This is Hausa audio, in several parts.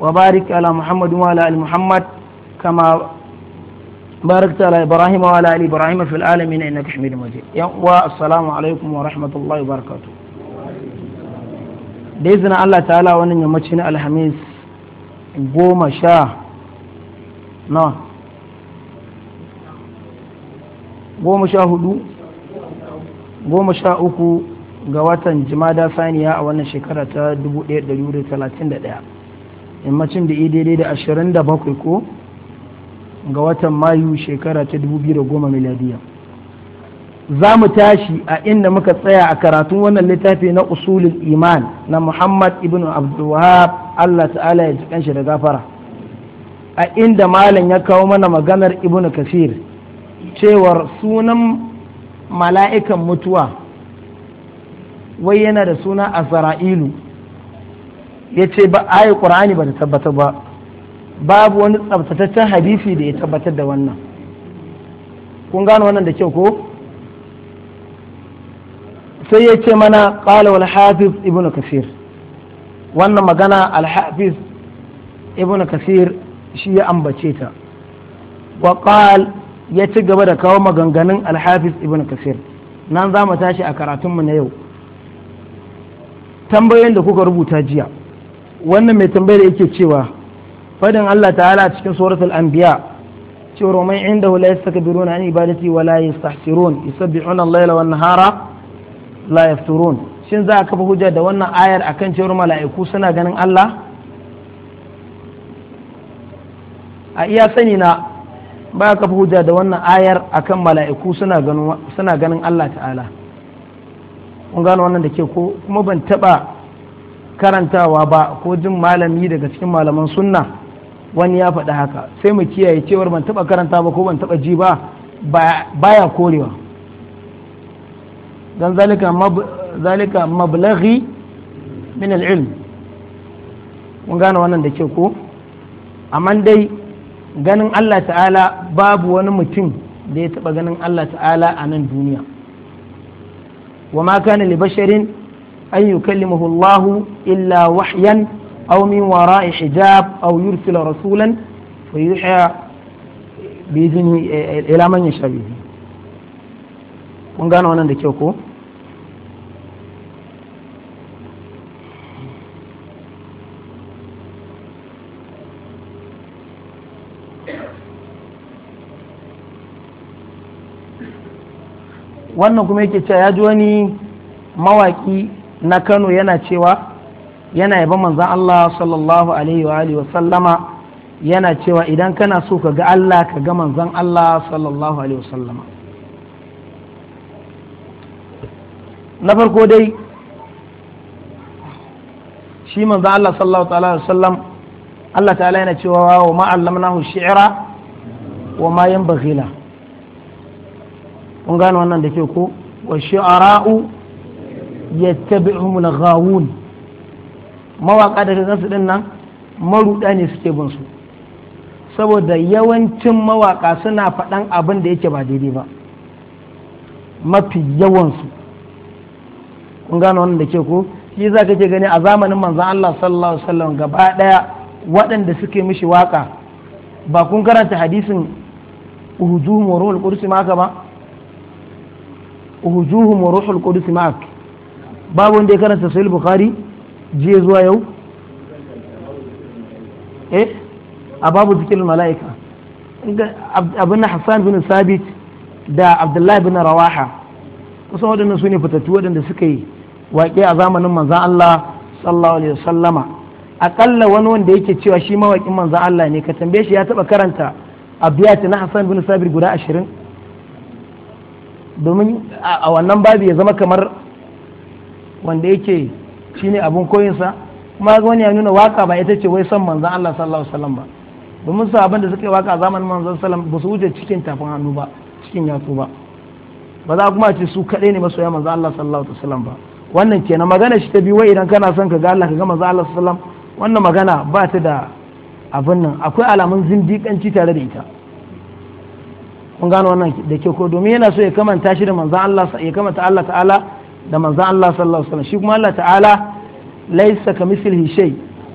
wa barik ala muhammadu wa ala'ali muhammad kama barik ta ala ibrahim wa ala'ali ibrahim fi na ina kashmi da yan uwa asalamu alaikum wa rahmatullahi wa barakatu da yi zina allah ta'ala wani yammaci na alhamis goma sha goma sha uku ga watan jima da saniya a wannan shekara ta 1131 yammacin da ya daidai da ashirin da bakwai ko ga watan mayu shekara ta dubu biyu da goma miladiya za mu tashi a inda muka tsaya a karatun wannan littafi na usulul iman na muhammad ibn abdulwahab allah ta'ala ya ji shi da gafara a inda malam ya kawo mana maganar ibn kasir cewar sunan mala'ikan mutuwa wai yana da suna a ya ce ba ayi ƙur'ani ba ta tabbatar ba babu wani tsabtataccen hadisi da ya tabbatar da wannan kun gano wannan da kyau ko sai ya ce mana ƙala wal hafiz ibnu kasir wannan magana al hafiz ibnu kasir shi ya ambace ta wa ya ci gaba da kawo maganganun alhafiz ibn kasir nan za mu tashi a karatunmu na yau tambayoyin da kuka rubuta jiya wannan mai tambayar yake cewa fadin Allah ta'ala cikin suratul anbiya cewa romai inda man saka la na an ibadati wa la yastahsirun yusabbihuna al-laila wan nahara la yafturun shin za a kafa hujja da wannan ayar akan cewar mala'iku suna ganin Allah a iya sani na ba kafa hujja da wannan ayar akan mala'iku suna ganin suna ganin Allah ta'ala kun gano wannan da ke ko kuma ban taba karantawa ba ko jin malami daga cikin malaman sunna wani ya faɗi haka sai mu kiyaye cewar ban taɓa karanta ba ko ban taɓa ji ba baya korewa don zalika mablaghi min al'ilm mun gane wannan da ke ko amma dai ganin Allah ta'ala babu wani mutum da ya taɓa ganin Allah ta'ala a nan duniya wa ma kana li basharin أن يكلمه الله illa wahyan أو من وراء hijab أو يرسل rasulan fa بإذنه إلى من ila man yasha bihi kun kyau wannan kuma yake cewa ya ji wani mawaki na Kano yana cewa yana yaba manzan Allah sallallahu alaihi wa alihi wa sallama yana cewa idan kana so ka ga Allah ka ga manzan Allah sallallahu alaihi wa sallama na farko dai shi manzan Allah sallallahu alaihi wa sallam Allah ta'ala yana cewa wa ma'allamnahu shi'ra wa ma yanbaghi kun gano wannan da ke ko wa shi'ara'u yattabi'uhum laghawun mawaka daga gansu din nan maruda ne suke bin su saboda yawancin mawaka suna faɗan abin da yake ba daidai ba mafi yawansu kun gano wannan da ke ko shi za ka ke gani a zamanin manzon Allah sallallahu alaihi wasallam gaba ɗaya waɗanda suke mishi waka ba kun karanta hadisin uhujuhum wa ruhul qudus ma ba uhujuhum wa ruhul qudus ka babu wanda ya karanta sahih bukhari jiya zuwa yau eh a babu zikirin mala'ika abin na hassan bin sabit da abdullahi bin rawaha kusan waɗannan su ne fitattu waɗanda suka yi waƙe a zamanin manzan Allah sallallahu alaihi wasallama aƙalla wani wanda yake cewa shi mawaƙin manzan Allah ne ka tambaye shi ya taɓa karanta abiyati na hassan bin sabit guda ashirin domin a wannan babu ya zama kamar wanda yake shine abun koyinsa kuma ga wani ya nuna waka ba ita ce wai son manzon Allah sallallahu alaihi wasallam ba domin abin da suka yi waka a zamanin manzon sallam ba su wuce cikin tafin hannu ba cikin yatsu ba ba za kuma ce su kaɗai ne masoya manzon Allah sallallahu alaihi wasallam ba wannan kenan magana shi ta biyu wai idan kana son ka ga Allah ka ga manzon Allah sallallahu alaihi wasallam wannan magana ba ta da abin nan akwai alamun zindiƙanci tare da ita kun gano wannan da ke ko domin yana so ya kamanta shi da manzon Allah ya kamanta Allah ta'ala da manzon Allah sallallahu alaihi wasallam shi kuma Allah ta'ala laisa kamithlihi shay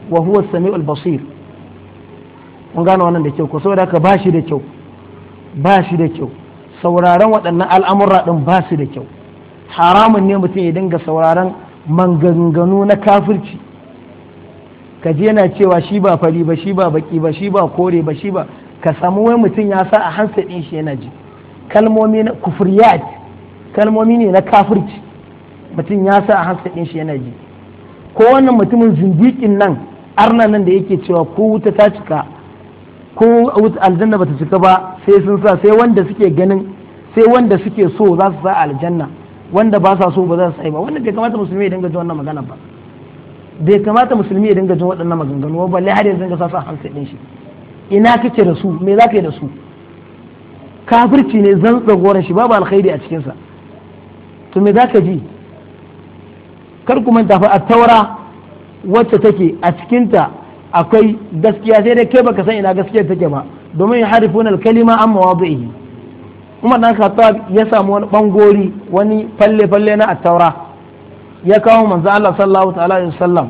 wa huwa as-sami'ul basir mun gane wannan da kyau ko saboda ka bashi da kyau bashi da kyau sauraron waɗannan al'amura din ba da kyau haramun ne mutum ya dinga sauraron manganganu na kafirci ka je yana cewa shi ba fari ba shi ba baki ba shi ba kore ba shi ba ka samu wai mutum ya sa a hansa ɗin shi yana ji kalmomi na kufriyat kalmomi ne na kafirci mutum ya sa a hanska ɗin shi yana ji ko wannan mutumin zindiƙin nan arna nan da yake cewa ko wuta ta cika ko aljanna ba ta cika ba sai sun sa sai wanda suke ganin sai wanda suke so za su sa aljanna wanda ba sa so ba za su sa ba wanda bai kamata musulmi ya dinga jin wannan magana ba bai kamata musulmi ya dinga jin waɗannan maganganu ba balle har yanzu ga sa sa hansa ɗin shi ina kake da su me za ka yi da su kafirci ne zan tsagoran shi babu alkhairi a cikinsa to me za ka ji kar ku manta fa a taura wacce take a cikinta akwai gaskiya sai dai kai baka san ina gaskiyar take ba domin ya harifun kalima an mawadi'i umar dan khattab ya samu wani bangori wani falle falle na at-taura ya kawo manzo Allah sallallahu ta'ala alaihi wasallam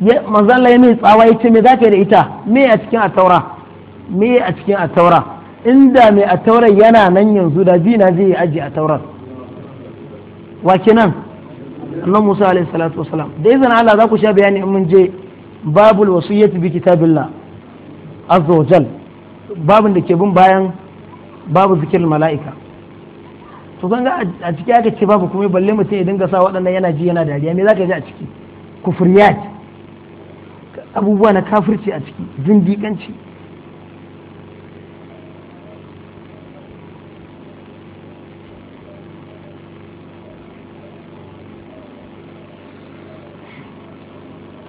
ya manzo Allah ya mai tsawa ya ce me zaka da ita me a cikin at-taura me a cikin at-taura inda me at-taura yana nan yanzu da bi na zai yi aji at-taurar wa kenan annabi Musa alaihi salatu wasalam da izan Allah za ku sha bayani in mun je babul wasiyyati bi kitabillah azza wa jal babin da ke bin bayan babu zikirin mala'ika to kan ga a ciki aka ce babu kuma balle mutum ya dinga sa waɗannan yana ji yana dariya me zaka ji a ciki kufriyat abubuwa na kafirci a ciki zindikanci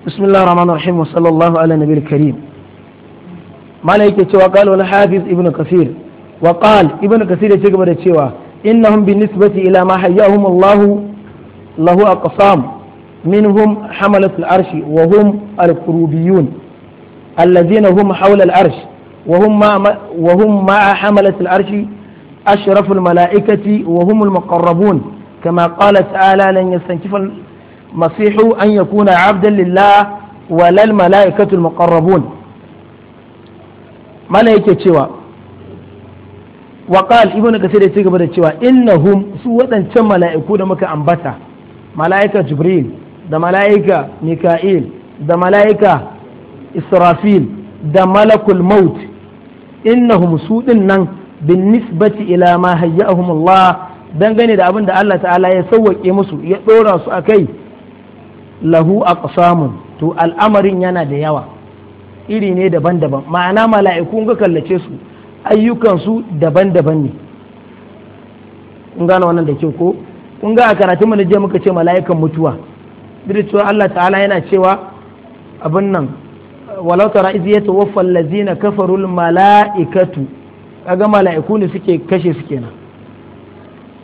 بسم الله الرحمن الرحيم وصلى الله على النبي الكريم ملائكة وقال والحافظ ابن كثير وقال ابن كثير يتقبل التشوى إنهم بالنسبة إلى ما حياهم الله له أقسام منهم حملة العرش وهم الكروبيون الذين هم حول العرش وهم مع, وهم مع حملة العرش أشرف الملائكة وهم المقربون كما قال تعالى لن يستنكف masihu an yakuna abdan lillah walal mala'ikatul muqarrabun mala yake cewa wa qal ibnu ya ci gaba da cewa innahum su waɗancan mala'iku da muka ambata mala'ika jibril da mala'ika mika'il da mala'ika israfil da malakul maut innahum su din nan bin nisbati ila ma hayyahum Allah dangane da abin da Allah ta'ala ya sauwaƙe musu ya ɗora su a kai lahu aqsamun to al'amarin yana da yawa iri ne daban-daban ma'ana mala'iku ga kallace su ayyukansu daban-daban ne kun gane wannan da kyau ko kun ga a karatun mu je muka ce mala'ikan mutuwa duk cewa Allah ta'ala yana cewa abin nan walau tara iz yatawaffa allazina kafaru mala'ikatu kaga mala'iku ne suke kashe su kenan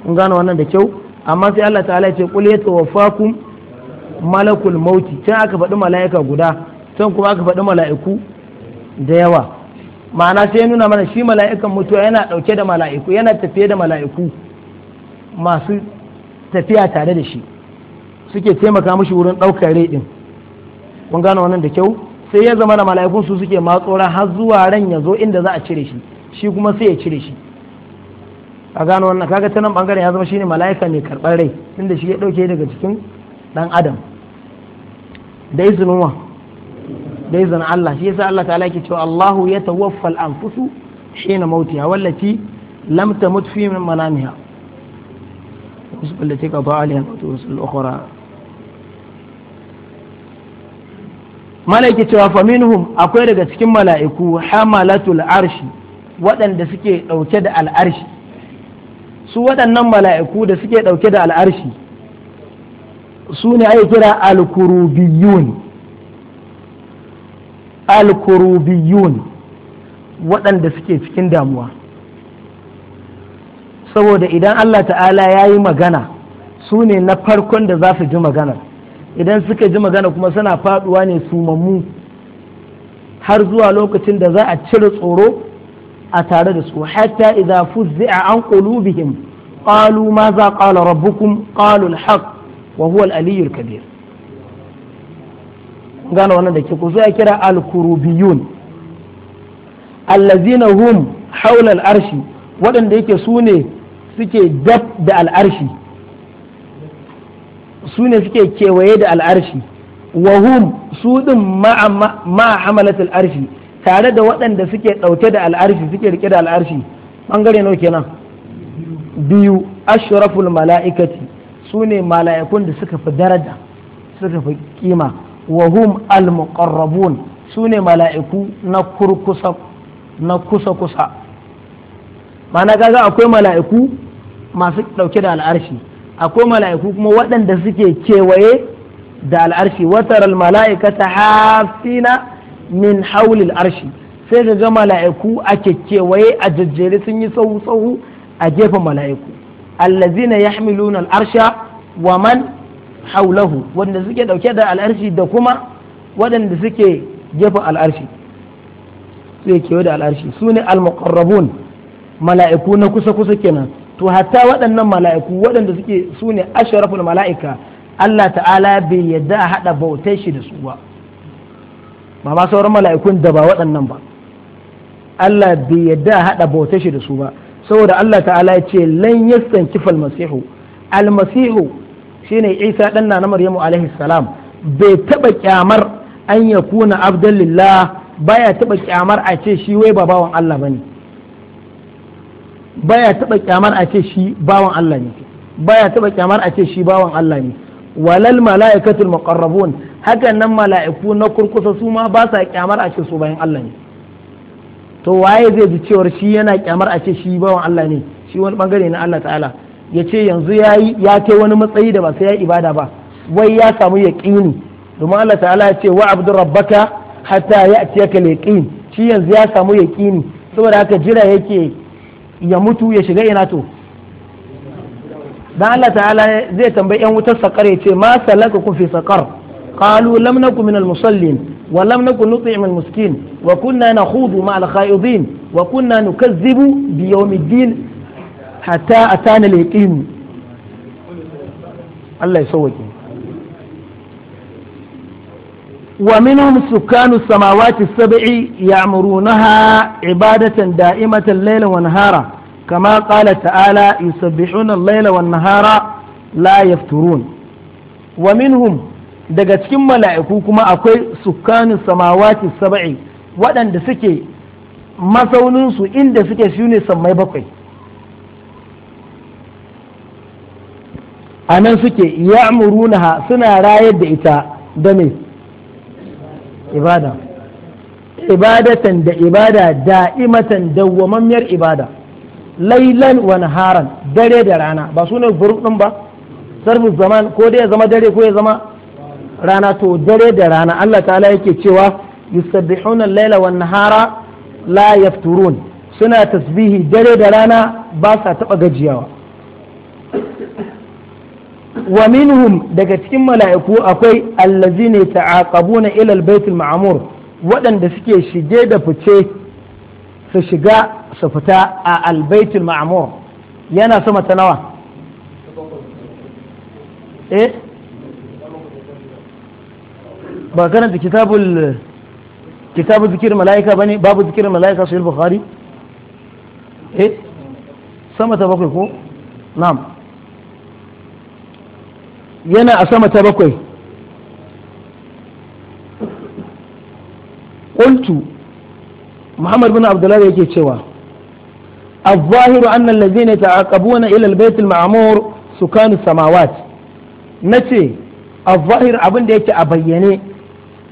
kun gane wannan da kyau amma sai Allah ta'ala ya ce qul yatawaffakum malakul mauti can aka faɗi mala'ika guda can kuma aka faɗi mala'iku da yawa ma'ana sai ya nuna mana shi mala'ikan mutuwa yana ɗauke da mala'iku yana tafiye da mala'iku masu tafiya tare da shi suke taimaka mashi wurin ɗaukar rai ɗin kun gane wannan da kyau sai ya zama da mala'ikun su suke matsora har zuwa ran ya zo inda za a cire shi shi kuma sai ya cire shi a gano wannan kaga ta nan bangaren ya zama shine mala'ika mai karɓar rai tunda shi ya ɗauke daga cikin dan adam da izinin wa da izinin Allah shi yasa Allah ta'ala yake cewa Allahu ya tawaffa al-anfusu na mautiya wallati lam tamut fi min manamiha wallati ba'a alaiha al-maut al-ukhra malaiki cewa faminhum akwai daga cikin mala'iku hamalatul arshi waɗanda suke ɗauke da al'arshi su waɗannan mala'iku da suke ɗauke da al'arshi su ne ake kira alkurubiyun alkurubiyun waɗanda suke cikin damuwa saboda idan Allah ta'ala ya yi magana su ne na farkon da za su ji magana idan suka ji magana kuma suna faduwa ne su mamu har zuwa lokacin da za a cire tsoro a tare da su hatta idza fuzzi'a an qulubihim qalu ma za qala rabbukum qalu al-haq wa huwa al-aliyyul kabir gano wannan da ke ku kira al-kurubiyun allazina hum haula al-arshi waɗanda yake sune suke dab da al'arshi su ne suke kewaye da al'arshi wa hum su din ma hamalat tare da waɗanda suke ɗauke da al'arshi suke rike da al'arshi ɓangare nawa kenan biyu ashraful mala'ikati su ne mala'ikun da suka fi daraja suka fi kima wa hum al-muqarrabun su ne mala'iku na kurkusa na kusa-kusa mana gaza akwai mala'iku masu ɗauke da al'arshi akwai mala'iku kuma waɗanda suke kewaye da al'arshi wataral mala'ikata hafina min haulil arshi sai da ga mala'iku a kewaye a jajjere sun yi tsawu-tsawu a gefen mala'iku allazina yahmiluna al'arsha wa man haulahu wanda suke dauke da al'arshi da kuma waɗanda suke jefa al'arshi suke kewa da al'arshi su ne al-muqarrabun mala'iku na kusa-kusa kenan to hatta waɗannan mala'iku waɗanda suke su ne asharaful mala'ika Allah ta'ala bai yadda a haɗa bautai shi da su ba ba ma sauran mala'ikun da ba waɗannan ba Allah bai yadda a haɗa bautai shi da su ba saboda Allah ta'ala ya ce lan yastankifa al-masihu al-masihu shine isa dan na maryamu alaihi salam bai taba kyamar an ya kuna abdullah baya taba kyamar a ce shi wai ba bawan Allah bane baya taba kyamar a ce shi bawan Allah ne baya taba kyamar a ce shi bawan Allah ne walal malaikatul muqarrabun hakan nan mala'iku na kurkusa su ma ba sa kyamar a ce su bayan Allah ne to waye zai ji cewar shi yana kyamar a ce shi bawan Allah ne shi wani bangare na Allah ta'ala ya ce yanzu ya yi ya kai wani matsayi da ba sai ya ibada ba wai ya samu yaqini domin Allah ta'ala ya ce wa abdu rabbaka hatta ya'tiyaka ka yaƙin shi yanzu ya samu yaqini saboda haka jira yake ya mutu ya shiga ina to dan Allah ta'ala zai tambayi yan wutar sakar ya ce ma salakakum fi sakar qalu lam nakum min al-musallin wa lam nakum nut'im al-miskin wa kunna nakhudu ma al-khaidin wa kunna nukazzibu bi yawmiddin hata atana al-yaqin Allah ya sauke wa minhum sukanu samawati sab'i ya'murunaha ibadatan da'imatan laylan wa nahara kama qala ta'ala yusabbihuna layla wan nahara la yafturun wa minhum daga cikin mala'iku kuma akwai sukanu samawati sab'i waɗanda suke mazauninsu inda suke shine sammai bakwai a nan suke ya'murunaha suna rayar da ita da me ibada ibadatan da ibada da'imatan dawwamammiyar ibada lailan wa naharan dare da rana ba su ne din ba sarfin zaman ko dai ya zama dare ko ya zama rana to dare da rana Allah ta'ala yake cewa yusabbihuna laila wa nahara la yafturun suna tasbihi dare da rana ba sa taba gajiyawa wa minhum daga cikin mala'iku akwai allazina ta'aqabuna ila al-baitul ma'mur waɗanda suke shige da fice su shiga su fita a albaitul ma'mur yana sama ta nawa eh ba karanta kitabul kitabu zikir mala'ika bane babu zikir mala'ika sahih bukhari eh sama ta bakwai ko na'am yana a sama ta bakwai ƙuntu muhammad bin abdullahi yake cewa abuwahiru an nan lalzi ne ta aƙabu wani ilal baitul ma'amur su kanu samawat na ce abuwahiru abinda yake a bayyane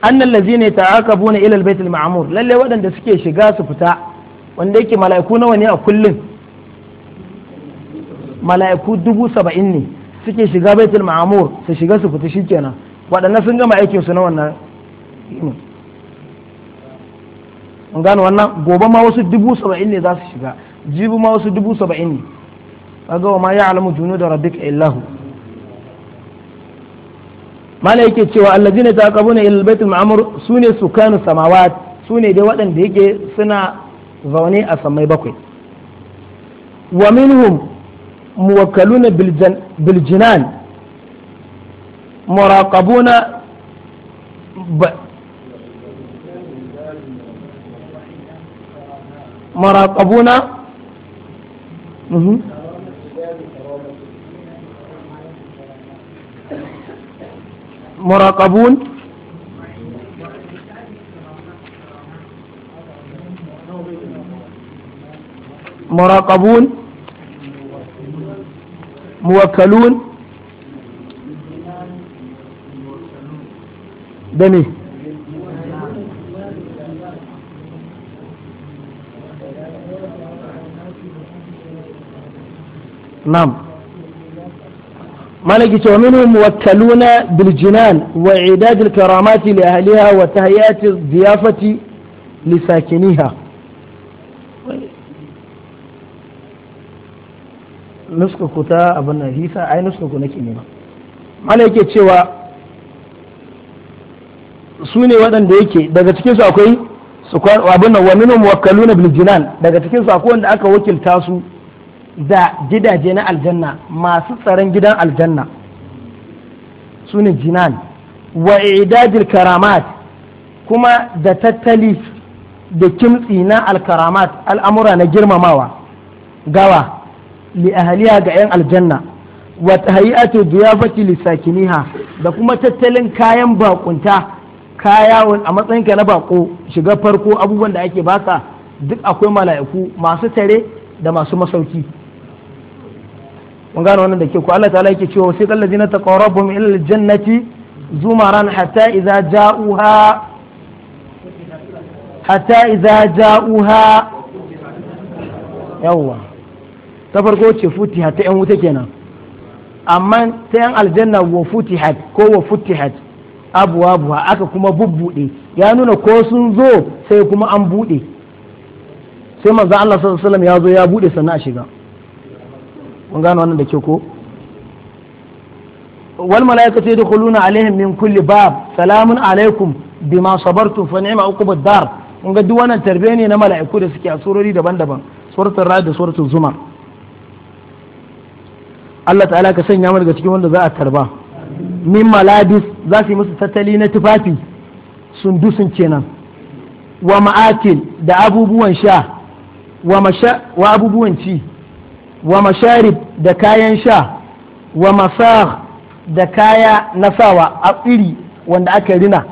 an nan lalzi ne ta aƙabu wani ilal baitul ma'amur lalle waɗanda suke shiga su fita wanda yake mala'iku nawa ne a kullum mala'iku dubu saba'in ne suke shiga baitul ma'amur su shiga su fita shikenan waɗannan sun gama aikin su na wannan in gano wannan gobe ma wasu dubu saba'in ne za su shiga jibu ma wasu dubu saba'in ne kaga wa ma ya alamu junu da rabbika illahu mala yake cewa allazina taqabuna ila baitul ma'mur sune sukanu samawat sune dai waɗanda yake suna zaune a samai bakwai wa minhum موكلون بالجن بالجنان مراقبون ب مراقبون مراقبون مراقبون موكلون بني نعم نعم لقيت ومنهم موكلون بالجنان وإعداد الكرامات لأهلها وتهيئة الضيافة لساكنيها nuska ku ta abin nan hisa ai nuska ku nake nema mana yake cewa su ne waɗanda yake daga cikin su akwai abin nan wa minhum wakkaluna bil jinan daga cikin su akwai wanda aka wakilta su da gidaje na aljanna masu tsaron gidan aljanna su ne jinan wa idadil karamat kuma da tattali da kimtsi na alkaramat al'amura na girmamawa gawa li ahliha ga yan aljanna wa tahiyatu diyafati li sakiniha da kuma tattalin kayan bakunta kaya a matsayinka na bako shiga farko abubuwan da ake baka duk akwai mala'iku masu tare da masu masauki mun gano wannan da ke ku Allah ta'ala yake cewa sai kallazi na taqarrabum ila aljannati zumaran hatta idza ja'uha hatta idza ja'uha yawwa ta farko ce futihat ta yan wuta kenan amma ta yan aljanna wa futihat ko wa futihat abuwa buwa aka kuma bubbuɗe ya nuna ko sun zo sai kuma an buɗe sai manzo Allah sallallahu alaihi wasallam ya zo ya buɗe sannan a shiga kun gano wannan da ke ko wal malaikatu yadkhuluna alaihim min kulli bab salamun alaikum bima sabartum fa ni'ma uqubud dar kun ga duk wannan tarbiya ne na mala'iku da suke a surori daban-daban suratul ra'd da suratul zumar Allah ta'ala ka sanya mu daga cikin wanda za a tarba min malabis za su yi musu tattali na tufafi sundusun kenan wa ma'akil da abubuwan sha wa abubuwan ci wa masharib da kayan sha wa masar da kaya na sawa a iri wanda aka rina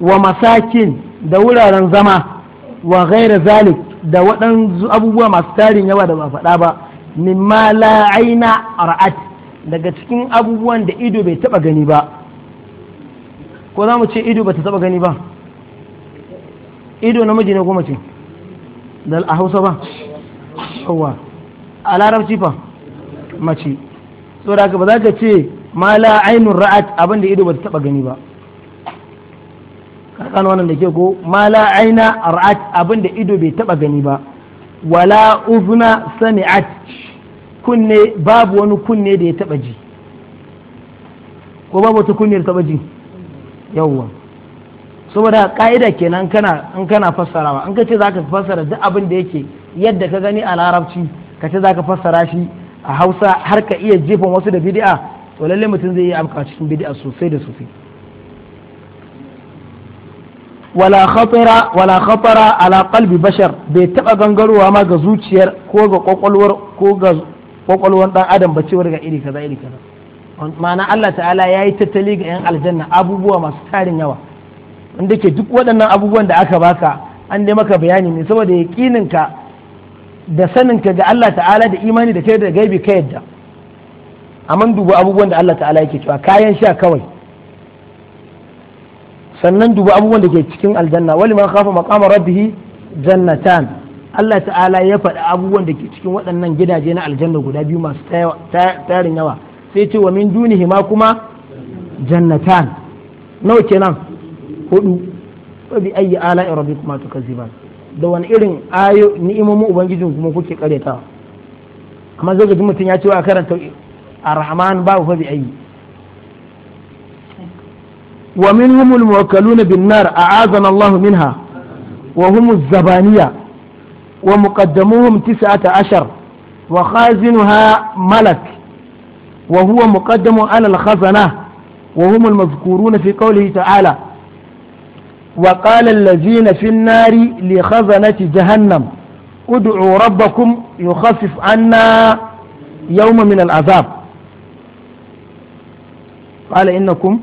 wa masakin da wuraren zama wa gaira zalik da waɗansu abubuwa masu tarin yawa da ba faɗa ba mimma la aina ra'at daga cikin abubuwan da ido bai taba gani ba ko za mu ce ido ba ta taba gani ba ido namiji ne goma ce da a hausa ba yawa a larabci fa mace saboda ba za ka ce ma la ainun ra'at abinda ido bata taba gani ba kan wannan da ke ko ma la aina ra'at abinda ido bai taba gani ba wala uzna sami'at kunne babu wani kunne da ya taba ji ko babu wata kunne da taba ji yawwa saboda ka'ida kenan kana in kana fassarawa an kace zaka fassara duk abin da yake yadda ka gani a larabci kace zaka fassara shi a Hausa har ka iya jefa wasu da bid'a to lalle mutum zai yi abka cikin bid'a sosai da sosai wala khatara wala khatara ala qalbi bashar bai taba gangarowa ma ga zuciyar ko ga kokolwar ko ga dan adam ba cewar ga iri kaza iri kaza ma'ana Allah ta'ala ya yi tattali ga 'yan aljanna abubuwa masu tarin yawa wanda ke duk waɗannan abubuwan da aka baka an dai maka bayani ne saboda ka da saninka ga Allah ta'ala da imani da kai da gaibi ka yadda amma dubu abubuwan da Allah ta'ala yake cewa kayan sha kawai sannan duba abubuwan da ke cikin aljanna wali man khafa maqama rabbih jannatan Allah ta'ala ya faɗi abubuwan da ke cikin waɗannan gidaje na aljanna guda biyu masu tarin yawa sai ce wa min dunihi ma kuma jannatan nawa kenan hudu wa bi ayyi ala'i rabbikuma tukazziban da wani irin ayo ni'imomin ubangijin kuma kuke karyatawa amma zai ga mutum ya ce wa karanta arhaman babu fa bi ayyi ومنهم الموكلون بالنار أعاذنا الله منها وهم الزبانية ومقدموهم تسعة عشر وخازنها ملك وهو مقدم على الخزنة وهم المذكورون في قوله تعالى وقال الذين في النار لخزنة جهنم ادعوا ربكم يخفف عنا يوم من العذاب قال إنكم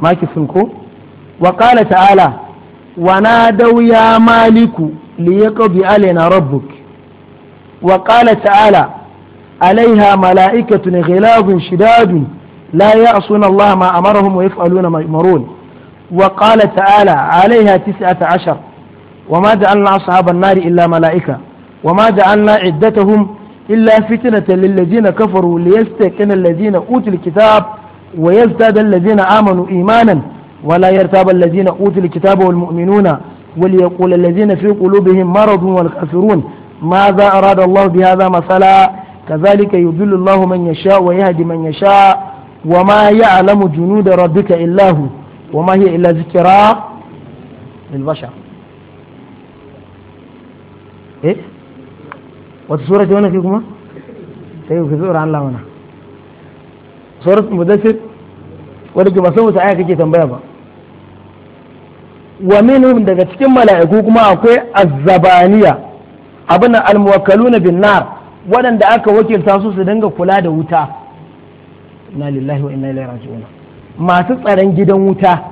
maki sunko وقال تعالى ونادوا يا مالك ليقض علينا ربك وقال تعالى عليها ملائكة غلاظ شداد لا يعصون الله ما أمرهم ويفعلون ما يؤمرون وقال تعالى عليها تسعة عشر وما جعلنا أصحاب النار إلا ملائكة وما جعلنا عدتهم إلا فتنة للذين كفروا ليستيقن الذين أوتوا الكتاب wa yazdada allazina amanu imanan wala yartaba allazina utul kitaba wal mu'minuna وليقول الذين في قلوبهم مرض والكافرون ماذا أراد الله بهذا مثلا كذلك يضل الله من يشاء ويهدي من يشاء وما يعلم جنود ربك إلا هو وما هي إلا ذكرى للبشر إيه وتصورة وانا فيكم ايوه كذور عن الله suratul mudaththir wadda ke masan wata aya kake tambaya ba wa minhum daga cikin mala'iku kuma akwai azzabaniya abin almuwakkaluna bin nar waɗanda aka wakilta su su dinga kula da wuta na lillahi wa inna ilaihi raji'un masu tsaron gidan wuta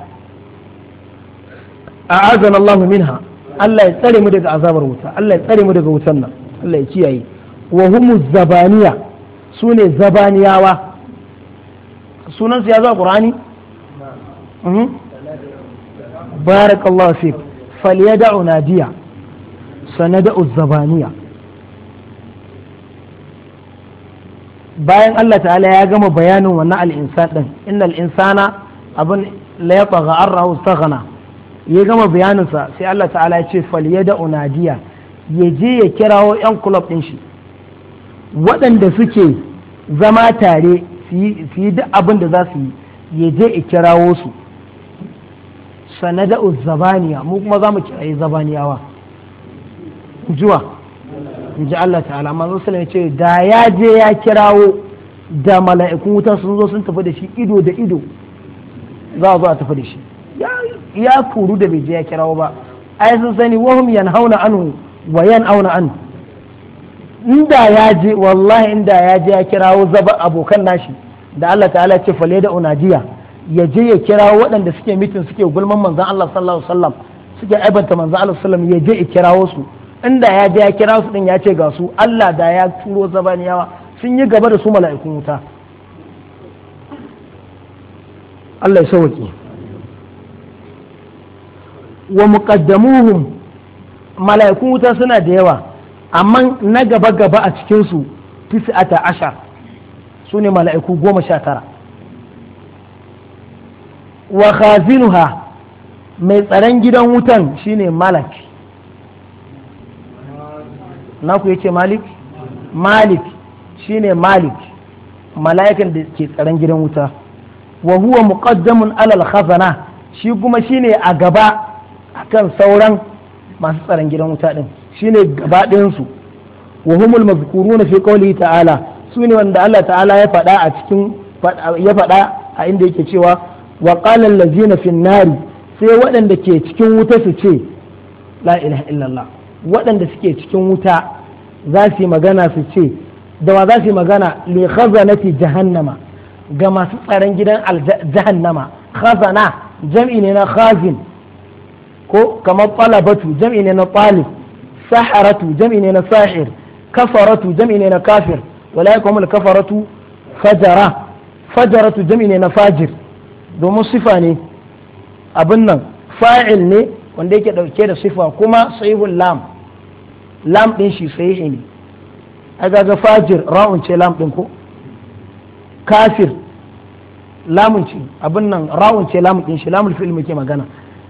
a a'azana Allah minha Allah ya tsare mu daga azabar wuta Allah ya tsare mu daga wutan nan Allah ya kiyaye wa humu zabaniya su ne zabaniyawa sunansu ya zo a qur'ani mhm. barakallahu fik falyad'u nadiya sanada'u zabaniya bayan Allah ta'ala ya gama bayanin wannan al'insan ɗin innal insana abin la ya tsaga an rahu ya gama bayaninsa sai Allah ta'ala ya ce faliye da unadiya ya je ya kirawo 'yan kulob ɗin shi waɗanda suke zama tare su yi duk abin da za su yi ya je a kirawo su sanada zabaniya mu kuma za mu kiraye zabaniyawa juwa in ji Allah ta'ala amma zo ya ce da ya je ya kirawo da mala'ikun wuta sun zo sun tafi da shi ido da ido za a zo a tafi da shi ya kuru da bai je ya kirawo ba ai sun sani wahum yanhauna anhu wa yan'auna anhu inda ya je wallahi inda ya je ya kirawo zaba abokan nashi da Allah ta'ala ce fale da unajiya ya je ya kirawo waɗanda suke mitin suke gulman manzan Allah sallallahu alaihi wasallam suke aibanta manzan Allah sallallahu ya je ya kirawo su inda ya je ya kirawo su din ya ce ga su Allah da ya turo zabaniyawa sun yi gaba da su mala'ikun wuta Allah ya sauke wa muqaddamuhum mala'ikun wuta suna da yawa amma na gaba gaba a cikinsu tis'ata ashar su ne mala'iku goma sha tara wa khazinuha mai tsaron gidan wutan shine malak ku yace malik malik shine malik mala'ikan da ke tsaron gidan wuta wa huwa muqaddamun alal khazana shi kuma shine a gaba akan sauran masu tsaron gidan wuta din shine gabaɗayan su wa humul mazkuruna fi qawli ta'ala su ne wanda Allah ta'ala ya faɗa a cikin ya faɗa a inda yake cewa wa qala allazina fin nari sai waɗanda ke cikin wuta su ce la ilaha illallah waɗanda suke cikin wuta za su magana su ce da wa za su yi magana li khazanati jahannama ga masu tsaron gidan jahannama khazana jam'i ne na khazin ko kamar talabatu jam'i ne na talib saharatu jam'i ne na sahir kafaratu jam'i ne na kafir walaika humul kafaratu fajara fajaratu jam'i ne na fajir domin sifa ne abin nan fa'il ne wanda yake dauke da sifa kuma sahihul lam lam din shi sahihi ne aga ga fajir ra'un ce lam din ko kafir lamun ce abin nan ra'un ce lamun din shi lamul fi'il muke magana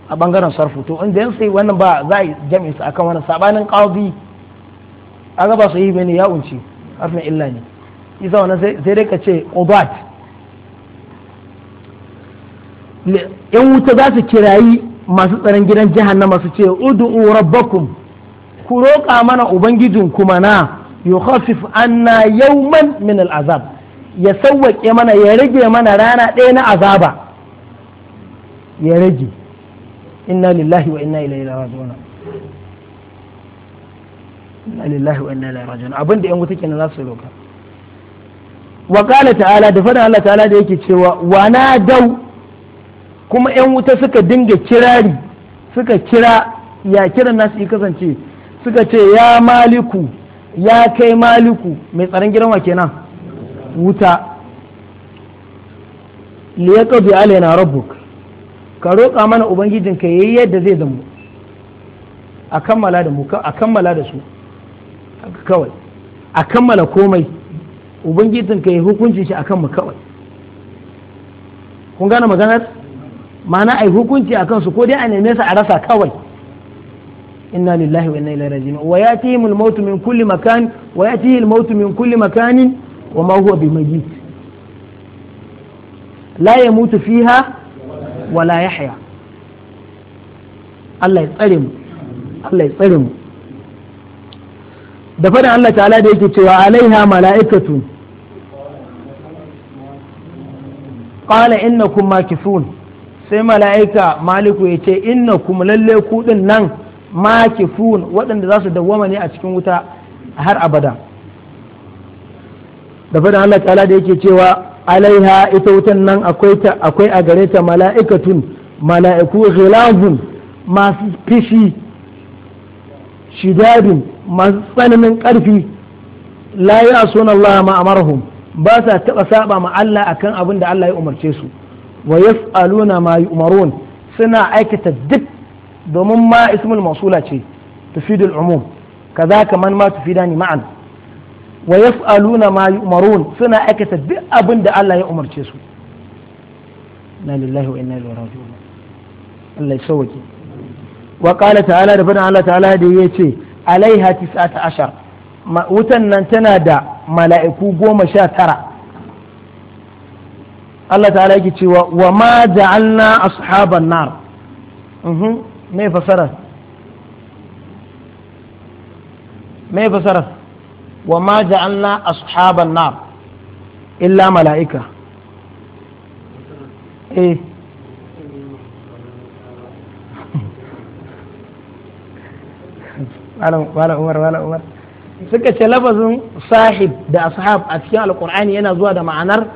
a bangaren sarfu to inda yan sai wannan ba za a jami'in su akan wani sabanin qadi aga ba sahihi bane ya unci harfin illa ne isa wannan sai dai ka ce qudat yan wuta za su kirayi masu tsaron gidan na masu ce ud'u rabbakum ku roƙa mana ubangijin kuma na yukhaffif anna yawman min al'azab ya sawwake mana ya rage mana rana ɗaya na azaba ya rage inna lillahi wa inna ilaihi raji'un inna lillahi wa inna ilaihi raji'un abin da yan wuta kenan za su roka wa qala ta'ala da fadan Allah ta'ala da yake cewa wa na dau kuma yan wuta suka dinga kirari suka kira ya kiran nasu yi kasance suka ce ya maliku ya kai maliku mai tsaron gidan wa kenan wuta liyaqdi alaina rabbuk ka roƙa mana ubangijinka yayi yadda zai zama a kammala da mu a kammala da su kawai a kammala komai ubangijinka ya hukunci shi akan mu kawai kun gane maganar a ai hukunci akan su ko dai a neme su a rasa kawai inna lillahi wa inna ilaihi raji'un wa yatihimul mautu min kulli makan wa yatihil mautu min kulli makanin wa ma huwa bimayyit la yamutu fiha wala yahya Allah ya tsare mu Allah ya tsare mu da faɗin Allah ta'ala da yake cewa alaiha mala'ikatu qala innakum makithun sai mala'ika maliku ya ce innakum lalle ku din nan makifun waɗanda za su dawwama ne a cikin wuta har abada da faɗin Allah ta'ala da yake cewa alaiha ita wutan nan akwai ta akwai a gare ta mala'ikatun mala'iku ghilazun masu fishi shidadin masu tsananin ƙarfi la sunan Allah ma amarahum ba sa taɓa saba ma Allah akan abin da Allah ya umarce su wa yas'aluna ma yu'marun suna aikata duk domin ma ismul masula ce tufidul umum kaza kaman ma tufidani ma'an wa yaf'aluna ma yu'marun suna aikata duk abin da Allah ya umarce su na lillahi wa inna ilaihi raji'un Allah ya sauke wa qala ta'ala da fadin Allah ta'ala da yace alaiha tis'ata ashar wutan nan tana da mala'iku goma sha tara Allah ta'ala yake cewa wa ma ja'alna ashaban nar mhm me fasara me fasara wa ma ja'alna ashaban nar illa mala'ika eh wala umar wala umar suka ce lafazin sahib da ashab a cikin alkur'ani yana zuwa da ma'anar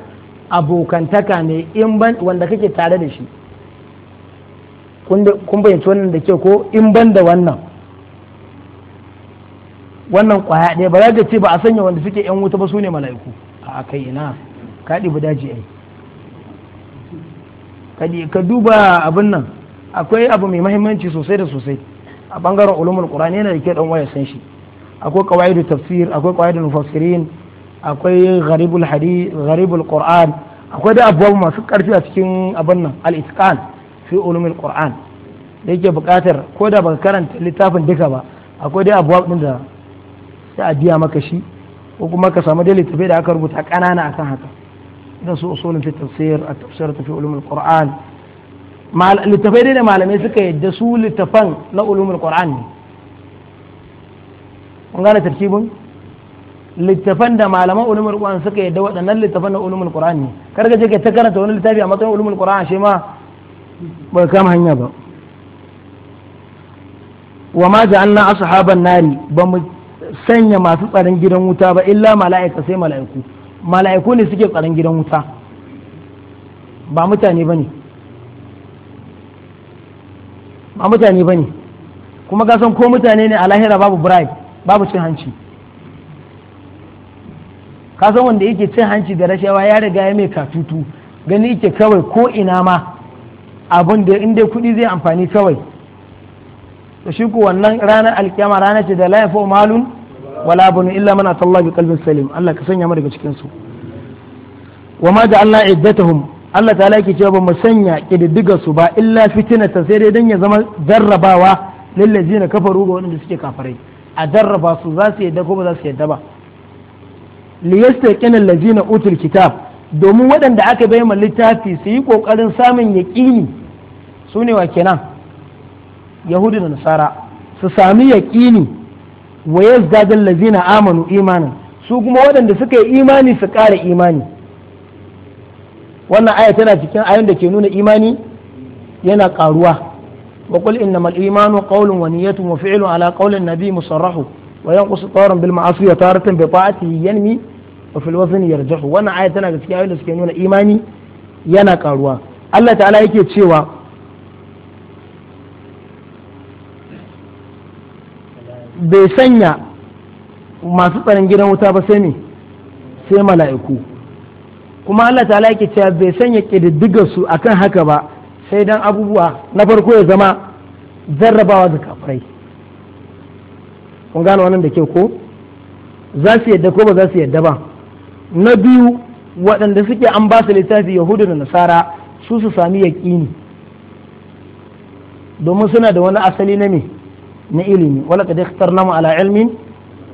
abokantaka ne in ban wanda kake tare da shi kun bayyanci wannan da ke ko in ban da wannan wannan kwaya ɗaya ba za ka ce ba a sanya wanda suke yan wuta ba su ne mala'iku a kai ina ka ɗibi daji ai ka duba abin nan akwai abu mai mahimmanci sosai da sosai a bangaren ulumul qur'ani yana da ke dan waya san shi akwai da tafsir akwai da mufassirin akwai gharibul hadith gharibul qur'an akwai da abubuwa masu karfi a cikin abin nan al-itqan fi ulumul qur'an da yake buƙatar ko da baka karanta littafin duka ba akwai dai abubuwa din da sai a biya maka shi ko kuma ka samu dalilin littafai da aka rubuta kanana akan haka idan su usulun fi tafsir a tafsir tafi ulumul qur'an littafai dai da malamai suka yadda su littafan na ulumul qur'an ne kun gane tartibin littafan da malaman ulumul qur'an suka yadda waɗannan littafan na ulumul qur'an ne kar ka je ka ta karanta wani littafi a matsayin ulumul qur'an shi ma ba kama hanya ba wa ma ja'alna ashaban nari ba mu sanya masu tsaron gidan wuta ba illa mala'ika sai mala'iku mala'iku ne suke tsaron gidan wuta ba mutane ba ne ba mutane ba ne kuma ga san ko mutane ne a lahira babu bribe babu cin hanci ka san wanda yake cin hanci da rashawa ya riga ya mai katutu gani yake kawai ko ina ma abin da in dai kuɗi zai amfani kawai to shi ku wannan ranar alkiyama rana ce da laifin malun wala abu ne illa mana atallahi bi kalbin salim Allah ka sanya mu daga cikin su wa ma Allah iddatuhum Allah ta'ala yake cewa ba mu sanya kididdiga su ba illa ta sai dai dan ya zama jarrabawa lillazina kafaru ga wanda suke kafirai a jarraba su za su yadda ko ba za su yadda ba yastaqina allazina utul kitab domin waɗanda aka bai ma littafi su yi kokarin samun yaqini su ne wa kenan yahudu da nasara su sami yaƙini. wa yazdadu lazina amanu imanan su kuma waɗanda suka yi imani su ƙara imani wannan aya tana cikin ayon da ke nuna imani yana ƙaruwa wa qul innamal imanu qawlun wa niyyatun wa fi'lun ala qawlin nabi musarrahu wa yanqusu tawran bil ma'asi ya taratan bi ta'ati yanmi wa fil wazni yarjahu wannan aya tana cikin ayon da suke nuna imani yana ƙaruwa Allah ta'ala yake cewa bai sanya masu tsarin gidan wuta ba sai ne sai mala'iku kuma Allah ta yake cewa bai sanya ƙididdigar su kan haka ba sai dan abubuwa na farko ya zama jarrabawa ga kafirai kun gane wannan da ke ko za su yadda ko ba za su yadda ba na biyu waɗanda suke an ba su littafi yahudu da nasara su su sami yaƙini domin suna da wani asali na me na ilimi wala kad ikhtarna ala ilmin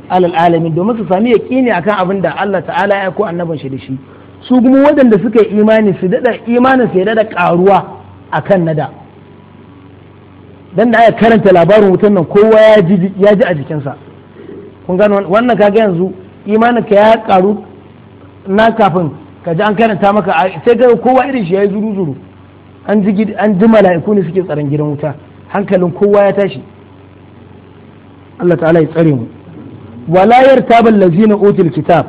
alal alamin domin su sami yaqini akan abin da Allah ta'ala ya ko annabin shi da shi su kuma waɗanda suka yi imani su dada imanin su ya dada karuwa akan nada dan da aka karanta labarin wutan nan kowa ya ji ya ji a jikinsa kun gano wannan kaga yanzu imanin ka ya karu na kafin ka ji an karanta maka sai ga kowa irin shi ya yi zuru zuru an ji mala'iku ne suke tsaron gidan wuta hankalin kowa ya tashi Allah ta'ala ya tsare mu walayar yartabal lazina utul kitab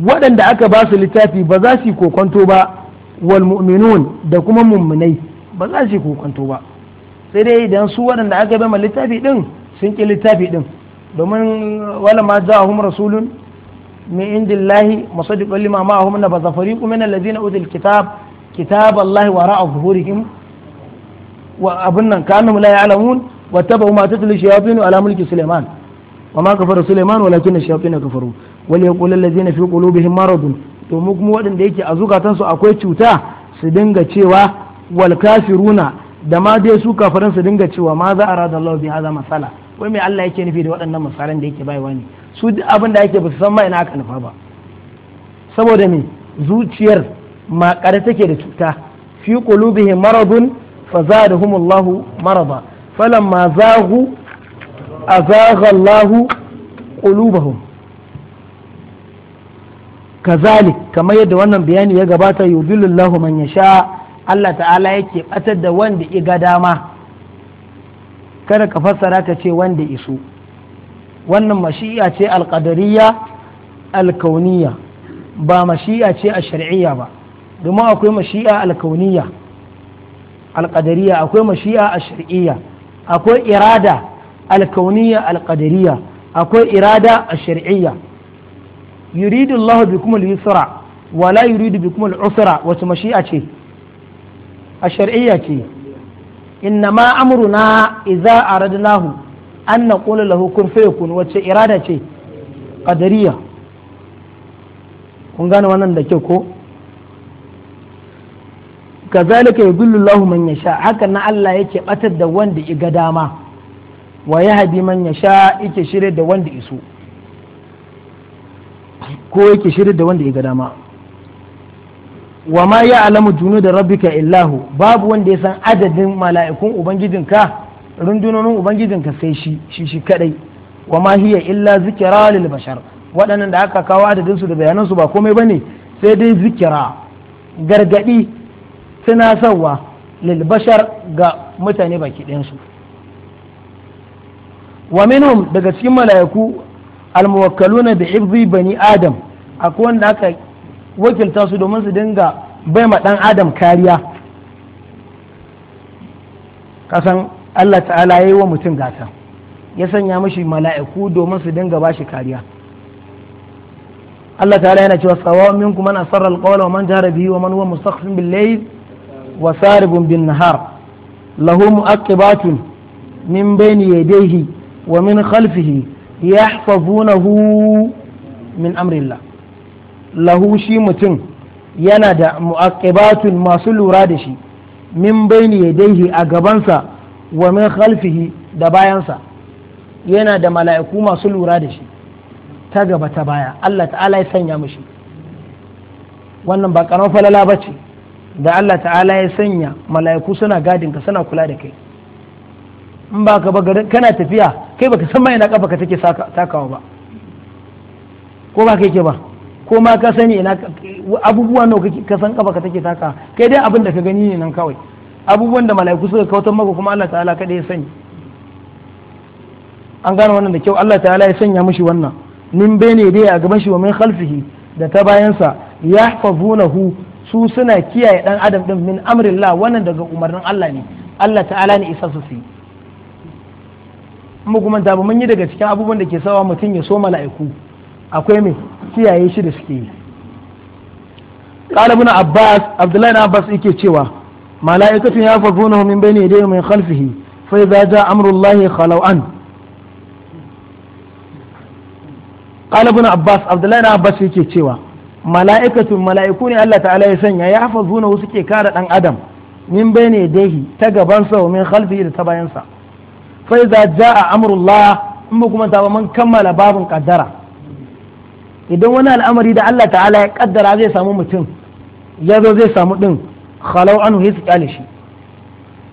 waɗanda aka ba su littafi ba za su kokonto ba wal mu'minun da kuma mummunai ba za su kokonto ba sai dai idan su waɗanda aka ba littafi din sun ki littafi din domin wala ma ja'ahum rasulun min indillahi musaddiqan lima ma'ahum na kuma min allazina utul kitab kitab Allah wara'a zuhurihim wa abun nan kanu la ya'lamun واتبعوا ما تتلو الشياطين على ملك سليمان وما كفر سليمان ولكن الشياطين كفروا وليقول الذين في قلوبهم مرض to mu kuma waɗanda yake a zukatansu akwai cuta su dinga cewa wal kafiruna da ma dai su kafirin su dinga cewa ma za a rada Allah bi hadha masala wai me Allah yake nufi da waɗannan misalan da yake baiwa ne su duk abin da yake ba su san ma ina aka nufa ba saboda me zuciyar makare take da cuta fi qulubihim maradun fazadahumullahu marada falamma zahu azagha Allahu qulubahum kazalik kamar yadda wannan bayani ya gabata yudillullahu man yasha Allah ta'ala yake batar da wanda iga dama kada ka fassara ka ce wanda iso wannan mashi'a ce alqadariyya alkauniyya ba mashi'a ce a shar'iyya ba domin akwai mashi'a alkauniyya alqadariyya akwai mashi'a a shar'iyya akwai irada alkauniya alqadariya akwai irada a shariyya yuridu Allahu bikum kuma yusra wa la yuridu bikum kuma usra wace mashi'a ce a shariyya ce inna ma amruna idza aradnahu an naqulu lahu kun fayakun wace irada ce qadariya kun gane wannan da kyau ko kazalika yudillu Allahu man yasha hakan na Allah yake batar da wanda ga dama wa yahdi man yasha yake shirye da wanda iso ko yake shirye da wanda ga dama wa ma ya'lamu junuda rabbika illahu babu wanda ya san adadin mala'ikun ubangijinka rundunonin ubangijinka sai shi shi shi kadai wa ma hiya illa zikra lil bashar waɗannan da aka kawo adadin su da bayanansu ba komai bane sai dai zikira gargadi tunasarwa lilbashar ga mutane baki ɗayansu wa minhum daga cikin mala'iku almuwakkaluna bi ibzi bani adam akwai wanda aka wakilta su domin su dinga bai ma ɗan adam kariya kasan Allah ta'ala ya yi wa mutum gata ya sanya mashi mala'iku domin su dinga ba shi kariya Allah ta'ala yana cewa sawa minkum man asarra alqawla wa man jahara wa man huwa mustakhfin وسارب بالنهار له مؤقبات من بين يديه ومن خلفه يحفظونه من أمر الله له شي متن ينادى مؤقبات ما سلو رادشي من بين يديه أقبانسا ومن خلفه دبايانسا ينادى ملائكو ما سلو رادشي تقب تبايا الله تعالى يسنى مشي wannan ba kanon falala ba ce da Allah ta'ala ya sanya mala'iku suna gadin ka suna kula da kai in ba ka kana tafiya kai baka san mai ina kafa ka take takawa ba ko ba kai ke ba ko ma ka sani ina abubuwa nawa ka san kafa ka take takawa kai dai abin da ka gani ne nan kawai abubuwan da mala'iku suka kautar maka kuma Allah ta'ala kada ya sani an gane wannan da kyau Allah ta'ala ya sanya mishi wannan min bene dai a gaban shi wa min khalfihi da ta bayansa yahfazunahu su suna kiyaye dan adam ɗin min amrillah wannan daga umarnin Allah ne Allah ta'ala ne isa su yi mu kuma da mun yi daga cikin abubuwan da ke sawa mutum ya so mala'iku akwai me kiyaye shi da suke yi qala ibn abbas abdullahi ibn abbas yake cewa mala'ikatu yafazunahu min bayni yadayhi min khalfihi fa idza jaa amrullahi khalaw an qala ibn abbas abdullahi ibn abbas yake cewa mala'ikatun mala'iku ne Allah ta'ala ya sanya ya zuna wasu ke kare dan adam min ne dahi ta gabansa wa min khalfihi da ta bayansa fa idza jaa amrullah in ba kuma ta ba mun kammala babun kaddara idan wani al'amari da Allah ta'ala ya kaddara zai samu mutum ya zo zai samu din khalau anhu ya tsale shi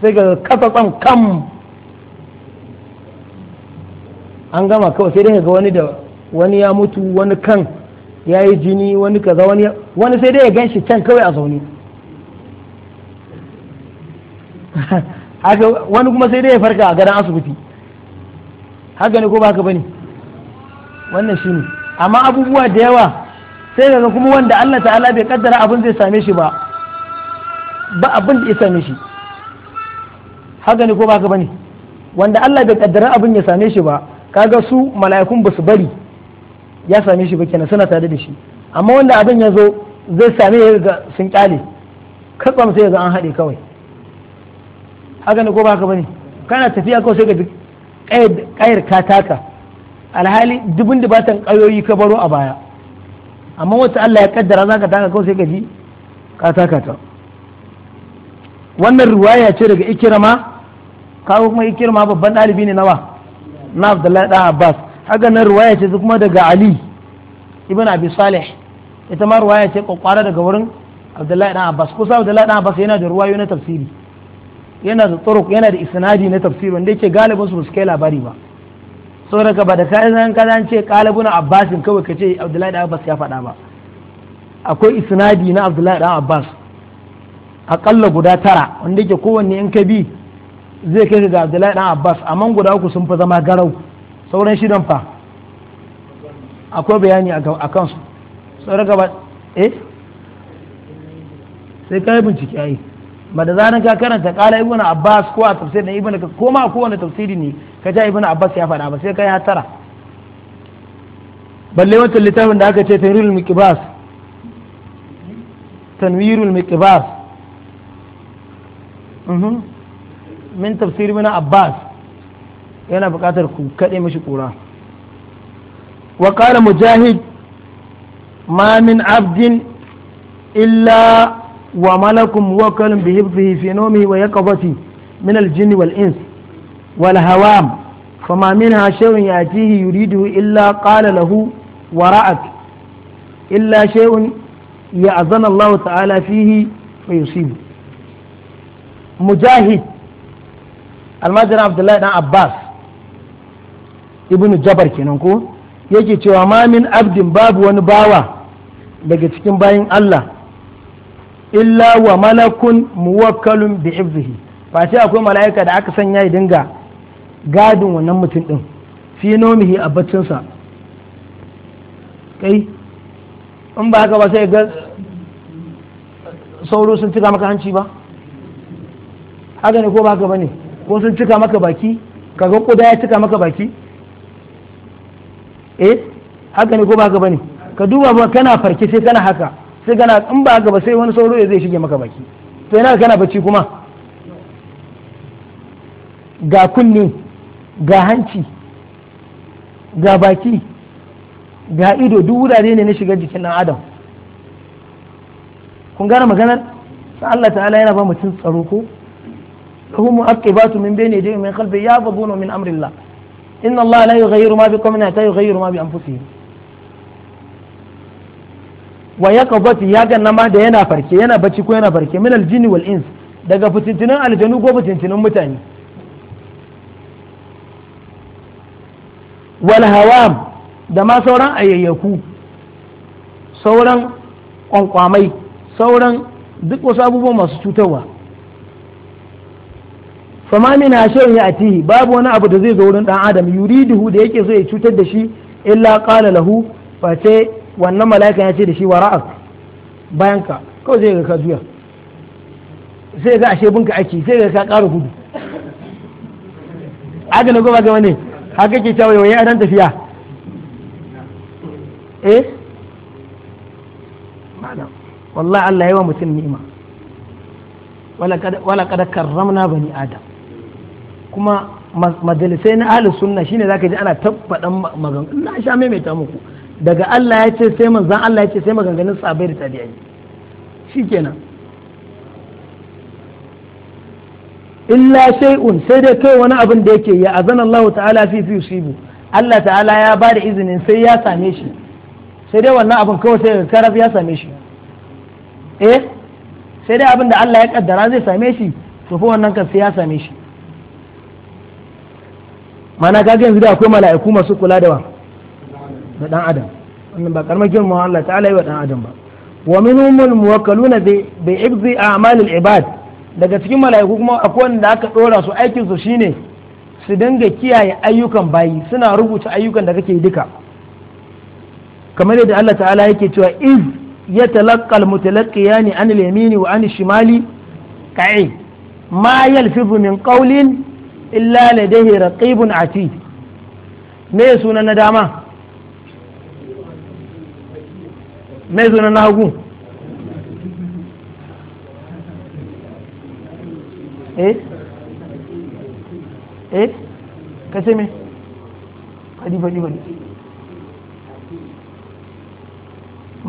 sai ga kasatsan kam an gama kawai sai dai ga wani da wani ya mutu wani kan ya yi jini wani kaza wani wani sai dai ya gan shi can kawai a zaune haka wani kuma sai dai ya farka a gadon asibiti haka ne ko ba haka bane wannan shine amma abubuwa da yawa sai daga kuma wanda Allah ta'ala bai kaddara abin zai same shi ba ba abin da ya same shi haka ne ko ba haka bane wanda Allah bai kaddara abin ya same shi ba kaga su mala'ikun ba su bari ya same shi ba kenan suna tare da shi amma wanda abin ya zo zai same ya ga sun kyale katsam sai ga an haɗe kawai haka ne ko ba haka bane kana tafiya kawai sai ga kayar taka alhali dubin batan kayoyi ka baro a baya amma wata Allah ya kaddara ka taka kawai sai ka ji taka ta wannan ruwaya ce daga ikirama kawo kuma ikirama babban ɗalibi ne nawa na Abdullahi da Abbas haka nan ruwaya ce kuma daga ali ibn abi salih ita ma ruwaya ce kwakwara daga wurin abdullahi dan abbas kusa abdullahi dan abbas yana da ruwayo na tafsiri yana da turuk yana da isnadi na tafsiri wanda yake galibin su kai labari ba saboda ba da kayan kazan ce galibin abbasin kawai ka ce abdullahi dan abbas ya fada ba akwai isnadi na abdullahi dan abbas akalla guda tara wanda yake kowanne in ka bi zai kai ga abdullahi dan abbas amma guda uku sun fi zama garau sauran shidan fa akwai bayani a kansu sauran gaba eh sai ka yi bincike ai ba da zaran ka karanta kala ibn abbas ko a tafsir da ibn ka koma ko wani tafsiri ne ka ja ibn abbas ya faɗa ba sai ka ya tara balle wata littafin da aka ce tanwirul miqbas tanwirul miqbas mhm. min tafsir ibn abbas yana buƙatar ku kaɗe mishi ƙura wa ƙara mujahid ma min abdin illa wa malakun muwakkalin bi hifzihi fi nomihi wa yaqabati min aljin wal ins wal hawam fama minha shay'un yatihi yuridu illa qala lahu wara'ak illa shay'un ya'zana Allah ta'ala fihi fa yusibu mujahid almajira abdullahi dan abbas ibn jabar kenan ko yake cewa ma min abdin babu wani bawa daga cikin bayin Allah illa wa malakun muwakkalun bi hifzihi fa sai akwai mala'ika da aka sanya ya dinga gadin wannan mutum din fi nomihi a sa kai in ba haka ba sai ga sauro sun cika maka hanci ba haka ne ko ba haka ba ne ko sun cika maka baki kaga kuda ya cika maka baki eh haka ne ko ba gaba ne ka duba ba kana farke sai kana haka sai kana in ba gaba sai wani sauro ya zai shige maka baki to yana kana bacci kuma ga kunne ga hanci ga baki ga ido duk wurare ne na shiga jikin ɗan adam kun gane maganar sai Allah ta'ala yana ba mutum tsaro ko lahum basu min bayni yadayhi min khalfi yafaduna min amrillah inna Allah la yughayyiru ma biqawmin hatta yughayyiru ma bi anfusihim wa yakabati ya ganna da yana farke yana bacci ko yana farke min aljini wal ins daga fitintinin aljanu ko mutane wal da ma sauran ayayyaku sauran ƙwanƙwamai, sauran duk wasu abubuwa masu cutarwa fa ma min a tihi babu wani abu da zai zo wurin dan adam yuriduhu da yake so ya cutar da shi illa qala lahu fa ce wannan mala'ika ya ce da shi wara'ak bayan ka kawai zai ga ka juya sai ga ashe bunka ake sai ga ka ƙara gudu haka na gaba gaba ne haka ke cewa yawan yaran tafiya eh wallahi Allah yawa mutum ni'ima wala kada karramna bani adam kuma majalisai na ahli sunna shine zaka ji ana tabbadan maganganu na sha maimaita muku daga Allah ya ce sai manzon Allah ya ce sai maganganun sabai da tabi'ai shikenan illa shay'un sai dai kai wani abin da yake ya azana Allah ta'ala fi fi yusibu Allah ta'ala ya ba da izinin sai ya same shi sai dai wannan abin kawai sai karab ya same shi eh sai dai abin da Allah ya kaddara zai same shi to fa wannan kan sai ya same shi mana ga yanzu da akwai mala'iku masu kula da wa da dan adam wannan ba karamar girma Allah ta'ala yi wa dan adam ba wa minhumul muwakkaluna bi bi ibzi al ibad daga cikin mala'iku kuma akwai wanda aka dora su aikin su shine su dinga kiyaye ayyukan bayi suna rubuta ayyukan da kake duka kamar yadda Allah ta'ala yake cewa iz yatalaqqal mutalaqqiyani al yamini wa al shimali ka'i ma yalfizu min qawlin illa ladaihi raqibun atid me sunan na dama me sunan na hagu eh eh kace me fadi fadi fadi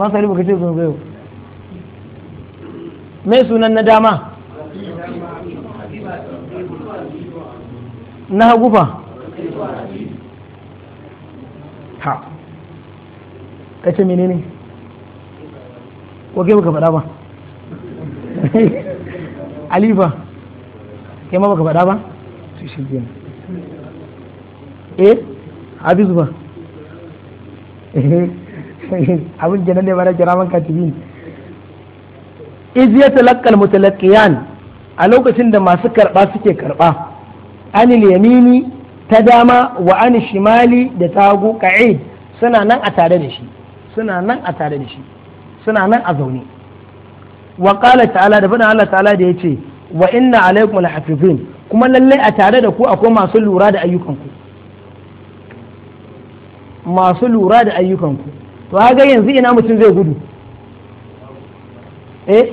ma sai baka ce zo zai me sunan na dama na hagu fa ha mene ne? ko kai baka faɗa ba alifa kai ma baka faɗa ba to shi eh ba abin jana ne ba na kira man katibin iz ya talaqqal mutalaqiyan a lokacin da masu karɓa suke karɓa. anil yamini ta dama wa anil shimali da tagu ka'id suna nan a tare da shi suna nan a tare da shi suna nan a zaune wa qala ta'ala da faɗin Allah ta'ala da yace wa inna alaikum lahafizin kuma lallai a tare da ku akwai masu lura da ayyukanku masu lura da ayyukanku to haga yanzu ina mutum zai gudu eh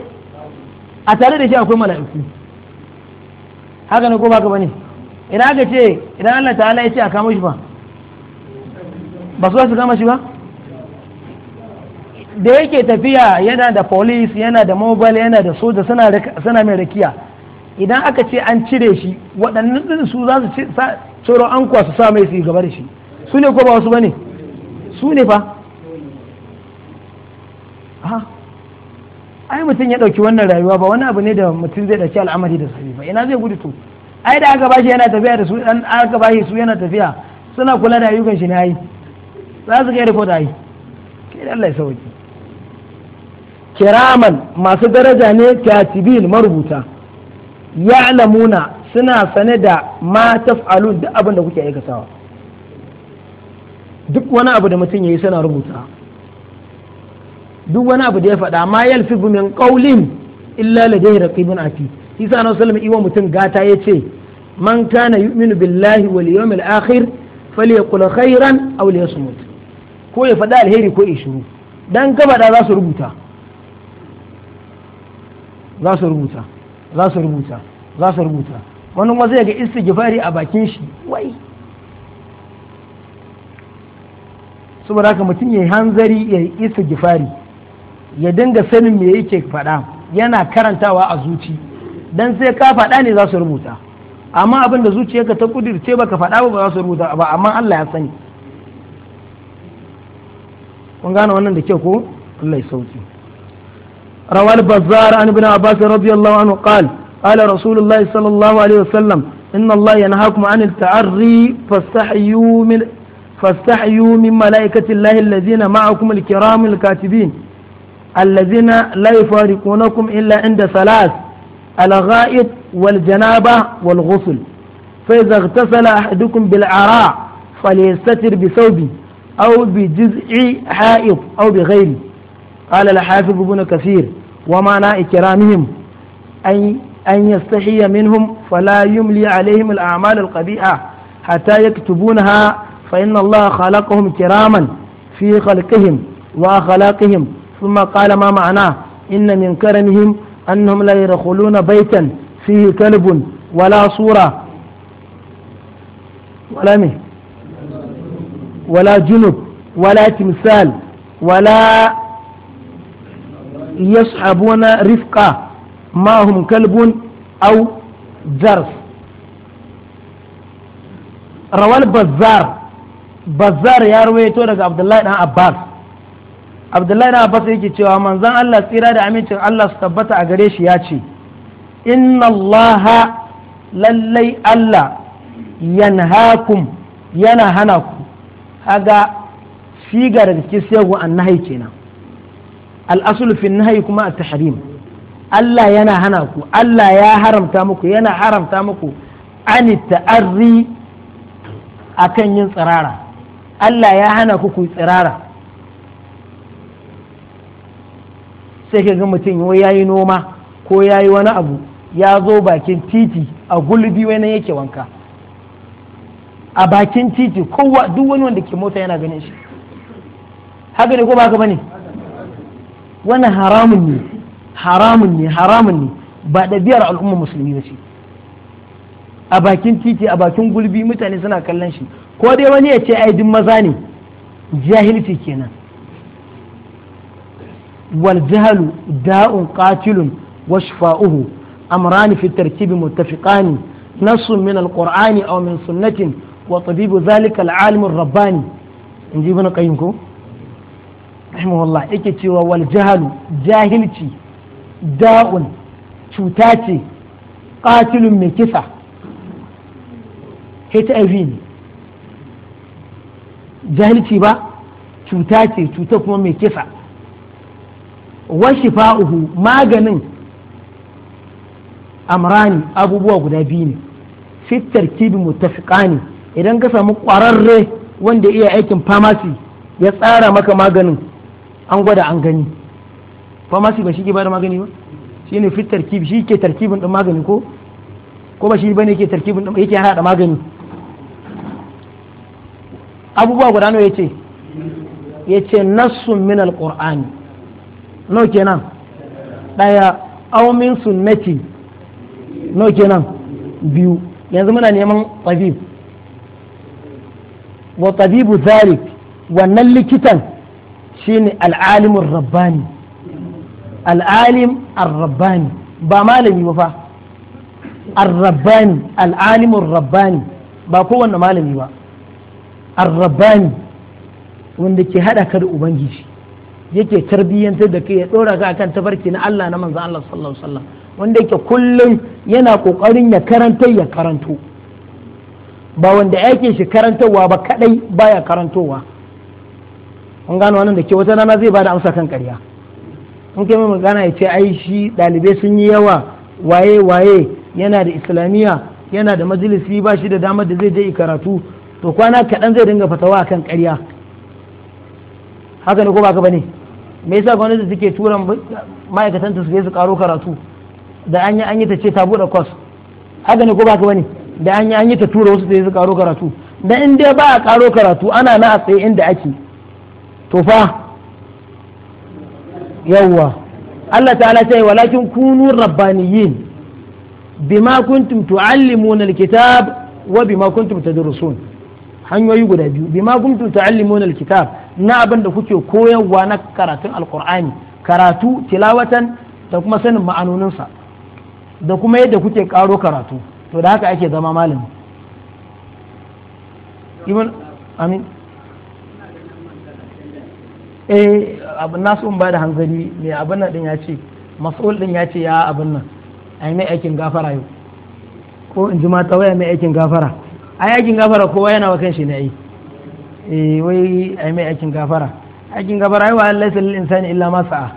a tare da shi akwai mala'iku haka ne ko baka bane ina aka ce idan Allah ta'ala ya ce a kama shi ba ba su su kama shi ba da yake tafiya yana da police yana da mobile yana da soja suna mai rakiya idan aka ce an cire shi waɗannan su za su tsoron an kuwa su sa mai su gaba da shi su ne ko ba wasu ba ne su ne fa ai mutum ya ɗauki wannan rayuwa ba wani abu ne da mutum zai ɗauki al'amari da su ba ina zai gudu to ai da aka bashi yana tafiya da su dan aka bashi su yana tafiya suna kula da ayyukan shi ne yi za su kai report ai da Allah ya sauki kiraman masu daraja ne katibin marubuta ya'lamuna suna sane da ma taf'alu duk abin da kuke aikatawa duk wani abu da mutum yayi suna rubuta duk wani abu da ya faɗa ma yalfi min qawlin illa ladayhi raqibun atid isa na sallama iwa mutum gata ya ce man kana yu'minu billahi wal yawmil akhir falyaqul khairan aw liyasmut ko ya faɗa alheri ko ya shiru dan gaba da za su rubuta za su rubuta za su rubuta za su rubuta wani kuma zai ga istighfari a bakin shi wai saboda haka mutum ya yi hanzari ya yi istighfari ya dinga sanin me yake faɗa yana karantawa a zuci dan sai ka faɗa ne za su rubuta amma abin da zuciyarka ta kudirce baka faɗa ba za su rubuta ba amma Allah ya sani kun gane wannan da kyau ko Allah ya sauki rawal bazzar an ibn abbas radiyallahu anhu qal qala rasulullah sallallahu alaihi wasallam inna Allah yanhaakum anil ta'arri fastahyu min fastahyu min malaikati Allah alladhina ma'akum al katibin الذين لا يفارقونكم illa inda ثلاث الغائط والجنابة والغسل فإذا اغتسل أحدكم بالعراء فليستتر بثوبه أو بجزء حائط أو بغيره قال الحافظ ابن كثير ومعنى إكرامهم أي أن يستحي منهم فلا يملي عليهم الأعمال القبيحة حتى يكتبونها فإن الله خلقهم كراما في خلقهم وأخلاقهم ثم قال ما معناه إن من كرمهم أنهم لا يدخلون بيتا فيه كلب ولا صورة ولا مه ولا جنب ولا تمثال ولا يصحبون رفقة ما هم كلب أو جرس روى البزار بزار يا رويتو عبد الله بن عباس abdullahi na abbas yake cewa manzon Allah tsira da amincin Allah su tabbata a gare shi ya ce inna allah lallai Allah yanhakum yana hana ku haga siga daga cikin an nahi kenan al'asul fi nahi kuma a tahrim Allah yana hana ku Allah ya haramta muku yana haramta muku an ta'arri akan yin tsirara Allah ya hana ku ku tsirara sai ka ga mutum ya yi noma ko ya yi wani abu ya zo bakin titi a gulbi wani yake wanka a bakin titi kowa duk wani wanda ke mota yana ganin shi haka ne ko ba ka bane wannan haramun ne haramun ne haramun ne ba ɗabi'ar al'ummar musulmi ba ce a bakin titi a bakin gulbi mutane suna kallon shi ko dai wani ya ce ai duk maza ne jahilci kenan والجهل داء قاتل وشفاؤه أمران في الترتيب متفقان نص من القرآن أو من سنة وطبيب ذلك العالم الرباني نجي ابن رحمه الله إكتي والجهل جاهلتي داء شوتاتي قاتل من كسا هيت أفين جاهلتي با شوتاتي cuta من mai wa shifa'uhu maganin amrani abubuwa guda biyu ne fit tarkibi muttafiqani idan ka samu ƙwararre wanda iya aikin famasi ya tsara maka maganin an gwada an gani famasi ba shi ke bada magani ba shi ne fitar tarkibi shi ke tarkibin ɗin magani ko ko ba shi ba ne ke tarkibin ɗin yake haɗa magani abubuwa guda nawa yace yace nassun min alqur'ani no kenan daya aw min sunnati no kenan biyu yanzu muna neman tabib wa tabibu zalik wannan likitan shine al'alimur rabbani al'alim ar-rabbani ba malami ba fa ar-rabbani al'alimur rabbani ba kowanne malami ba ar-rabbani wanda ke haɗa ka da ubangiji yake tarbiyyantar da kai ya dora ka akan tafarki na Allah na manzon Allah sallallahu alaihi wasallam wanda yake kullum yana kokarin ya karanta ya karanto ba wanda yake shi karantarwa ba kadai baya karantowa kun gano wannan da ke wata rana zai bada amsa kan karya in kai mai magana ya ce ai shi ɗalibai sun yi yawa waye waye yana da islamiyya yana da majalisi ba shi da damar da zai je karatu to kwana kaɗan zai dinga fatawa kan karya haka ne ko ba ka bane me yasa gwamnati take tura ma'aikatan ta su su karo karatu da an yi an yi ta ce ta bude kwas haka ne ko ba ka bane da an yi an yi ta tura wasu su karo karatu da in dai ba a karo karatu ana na a tsaye inda ake to fa yawwa Allah ta'ala ta yi walakin kunu rabbaniyin bima kuntum tu'allimuna alkitab wa bima kuntum tadrusun hanyoyi guda biyu bima kuntum tu'allimuna alkitab na abin da kuke koyarwa na karatun alkur'ani karatu tilawatan da kuma sanin ma'anoninsa da kuma yadda kuke karo karatu to da haka ake zama malami ibn amin eh abin nasu in ba da hanzari mai abin nan din ya ce mas'ul din ya ce ya abin nan ai mai aikin gafara yau ko in ji mata waya mai aikin gafara ai aikin gafara kowa yana wa kanshi ne ai eh wai ai mai aikin gafara aikin gafara ai wa an laysa lil insani illa ma sa'a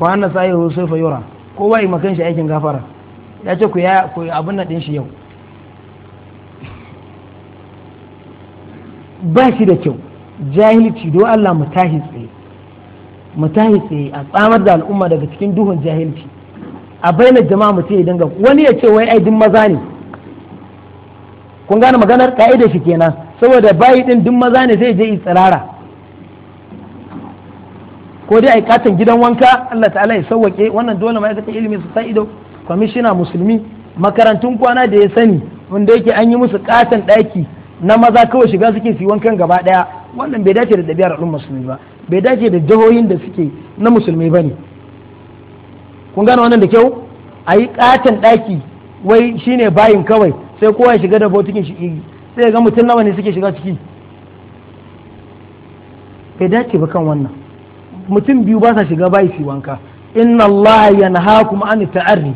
wa anna sa'ihi sawfa yura kowa yi makan shi aikin gafara ya ce ku ya ku abin nan din shi yau ba shi da kyau jahilci do Allah mu tahi tsaye mu tahi tsaye a tsamar da al'umma daga cikin duhun jahilci a bainar jama'a mutum ya dinga wani ya ce wai ai maza ne kun gane maganar ka'idar shi kenan saboda bayi din duk maza ne zai je yi tsirara ko dai ai katon gidan wanka Allah ta'ala ya sauwake wannan dole ma'aikatan ilimi su sa ido kwamishina musulmi makarantun kwana da ya sani wanda yake an yi musu katon ɗaki na maza kawai shiga suke su wankan gaba ɗaya wannan bai dace da ɗabi'ar al'ummar musulmi ba bai dace da jihohin da suke na musulmi ba ne kun gane wannan da kyau a yi katon ɗaki wai shine bayin kawai sai kowa ya shiga da botikin shi sai ga mutum nawa ne suke shiga ciki bai dace ba kan wannan mutum biyu ba sa shiga bai su wanka inna Allah kuma an ta'arri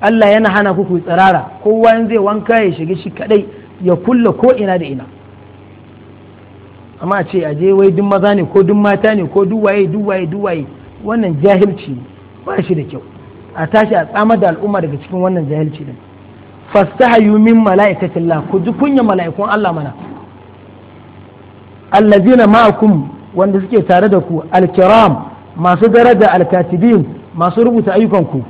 Allah yana hana ku ku tsirara kowa in zai wanka ya shiga shi kadai ya kulla ko ina da ina amma a ce a je wai duk maza ne ko duk mata ne ko duk waye duk waye duk waye wannan jahilci ba shi da kyau a tashi a tsamar da al'umma daga cikin wannan jahilci din fastahayu min mala'ikatillah ku ji kunya mala'ikun Allah mana allazina ma'akum wanda suke tare da ku alkiram masu daraja alkatibin masu rubuta ayyukanku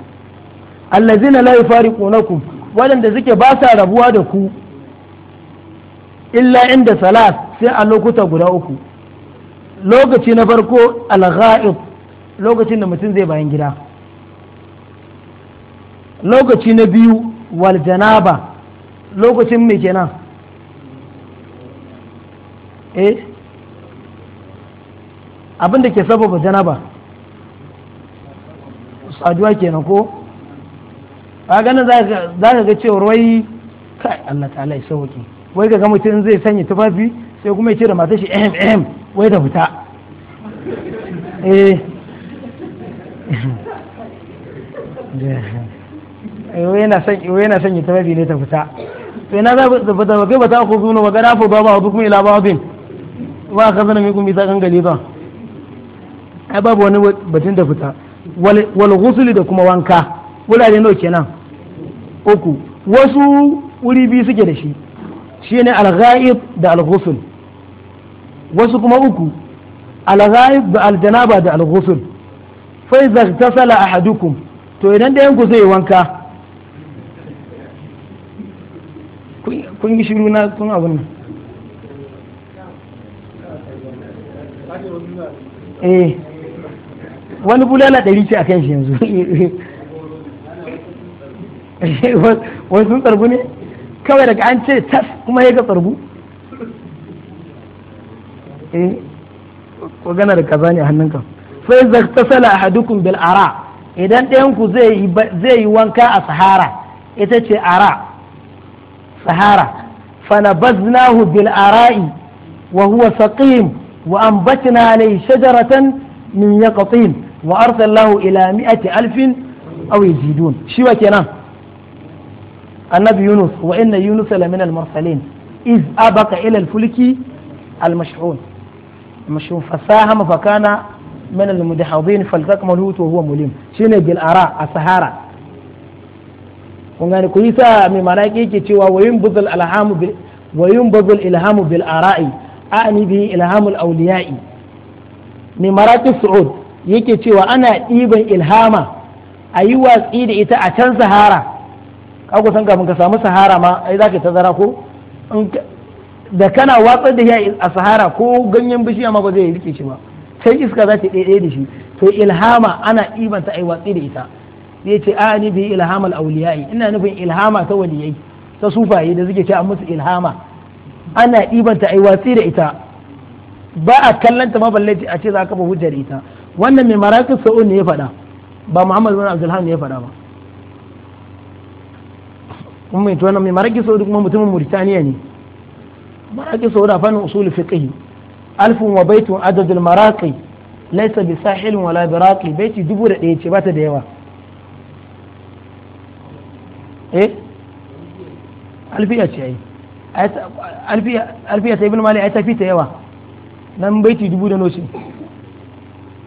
allazina la yufariqunakum waɗanda suke ba sa rabuwa da ku illa inda salat sai a lokuta guda uku lokaci na farko algha'ib lokacin da mutum zai bayan gida lokaci na biyu wal janaba lokacin me kenan eh abin da ke sababa janaba saduwa kenan ko ba ganin za ka ga cewar wai kai Allah ta'ala ya sauki wai ga mutum zai sanya tufafi sai kuma ya ce da matar shi ehem ehem wai da fita eh ayo yana son ayo yana son ya tafi ne ta fita to ina za ba ta kai ba ta ku zuwa ga dafa ba ba hukum ila babin ba ka zana mai kuma bi ta gangale ba ai babu wani batun da fita wal ghusl da kuma wanka wurare nawa kenan uku wasu wuri biyu suke da shi shine al-ghaib da al-ghusl wasu kuma uku al-ghaib da al-janaba da al-ghusl fa idza ihtasala ahadukum to idan ɗayan ku zai wanka kun yi shiru na kun abu nan eh wani bulala ɗari ce a kan shi yanzu wani sun tsargu ne kawai daga an ce tas kuma ya ga tsargu eh gana da kaza ne a hannunka sai zaktasala a bil ara idan ɗayan ku zai yi wanka a sahara ita ce ara سهارة فنبذناه بالآراء وهو سقيم وأنبتنا عليه شجرة من يقطين وأرسلناه إلى مئة ألف أو يزيدون شو كنا النبي يونس وإن يونس لمن المرسلين إذ أبق إلى الفلك المشحون المشحون فساهم فكان من المدحضين فالتقم الهوت وهو مليم شنو بالآراء السهارة kun gane ku yi sa mai mana yake cewa wayun buzul alhamu bil wayun buzul ilhamu bil ara'i a'ani bihi ilhamul awliya'i mai maratib su'ud yake cewa ana ɗiban ilhama a yi watsi da ita a can sahara ka san kafin ka samu sahara ma ai zaka tazara ko da kana watsar da shi a sahara ko ganyen bishiya ma ba zai rike shi ba sai iska za ta ɗaiɗaya da shi to ilhama ana ta a yi watsi da ita sai ce a ni bi ilhamal awliyai ina nufin ilhama ta waliyai ta sufaye da suke ce a musu ilhama ana ɗibanta ai watsi da ita ba a kallanta ma balle a ce za ka ba hujjar ita wannan mai marakis sa'un ne ya faɗa ba muhammad bin abdulhamid ne ya faɗa ba kuma mai tuwa mai marakis sa'un kuma mutumin murtaniya ne marakis sa'un a fannin usul fiqh alfun wa baitun adadul maraqi laysa bi sahilin wala biraqi baiti dubu da ɗaya ce ba ta da yawa eh alfiya ce ai alfiya ta ibn mali a yi tafi ta yawa nan baiti dubu da noce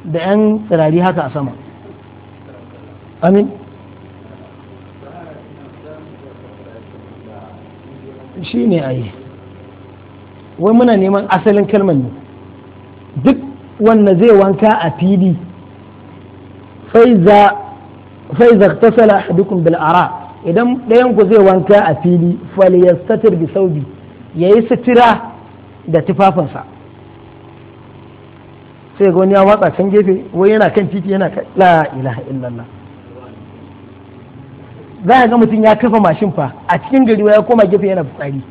da yan tsirari haka a sama amin shi ne a yi, wai muna neman asalin kalmar ne duk wanda zai wanka a fili faiza tasala ahadukum bil ara idan ɗayan ku zai wanka a fili falyastatir bi saubi yi sutura da tufafinsa sai ga wani ya watsa can gefe wai yana kan titi yana la ilaha illallah za a ga mutum ya kafa mashin fa a cikin gari ya koma gefe yana fitsari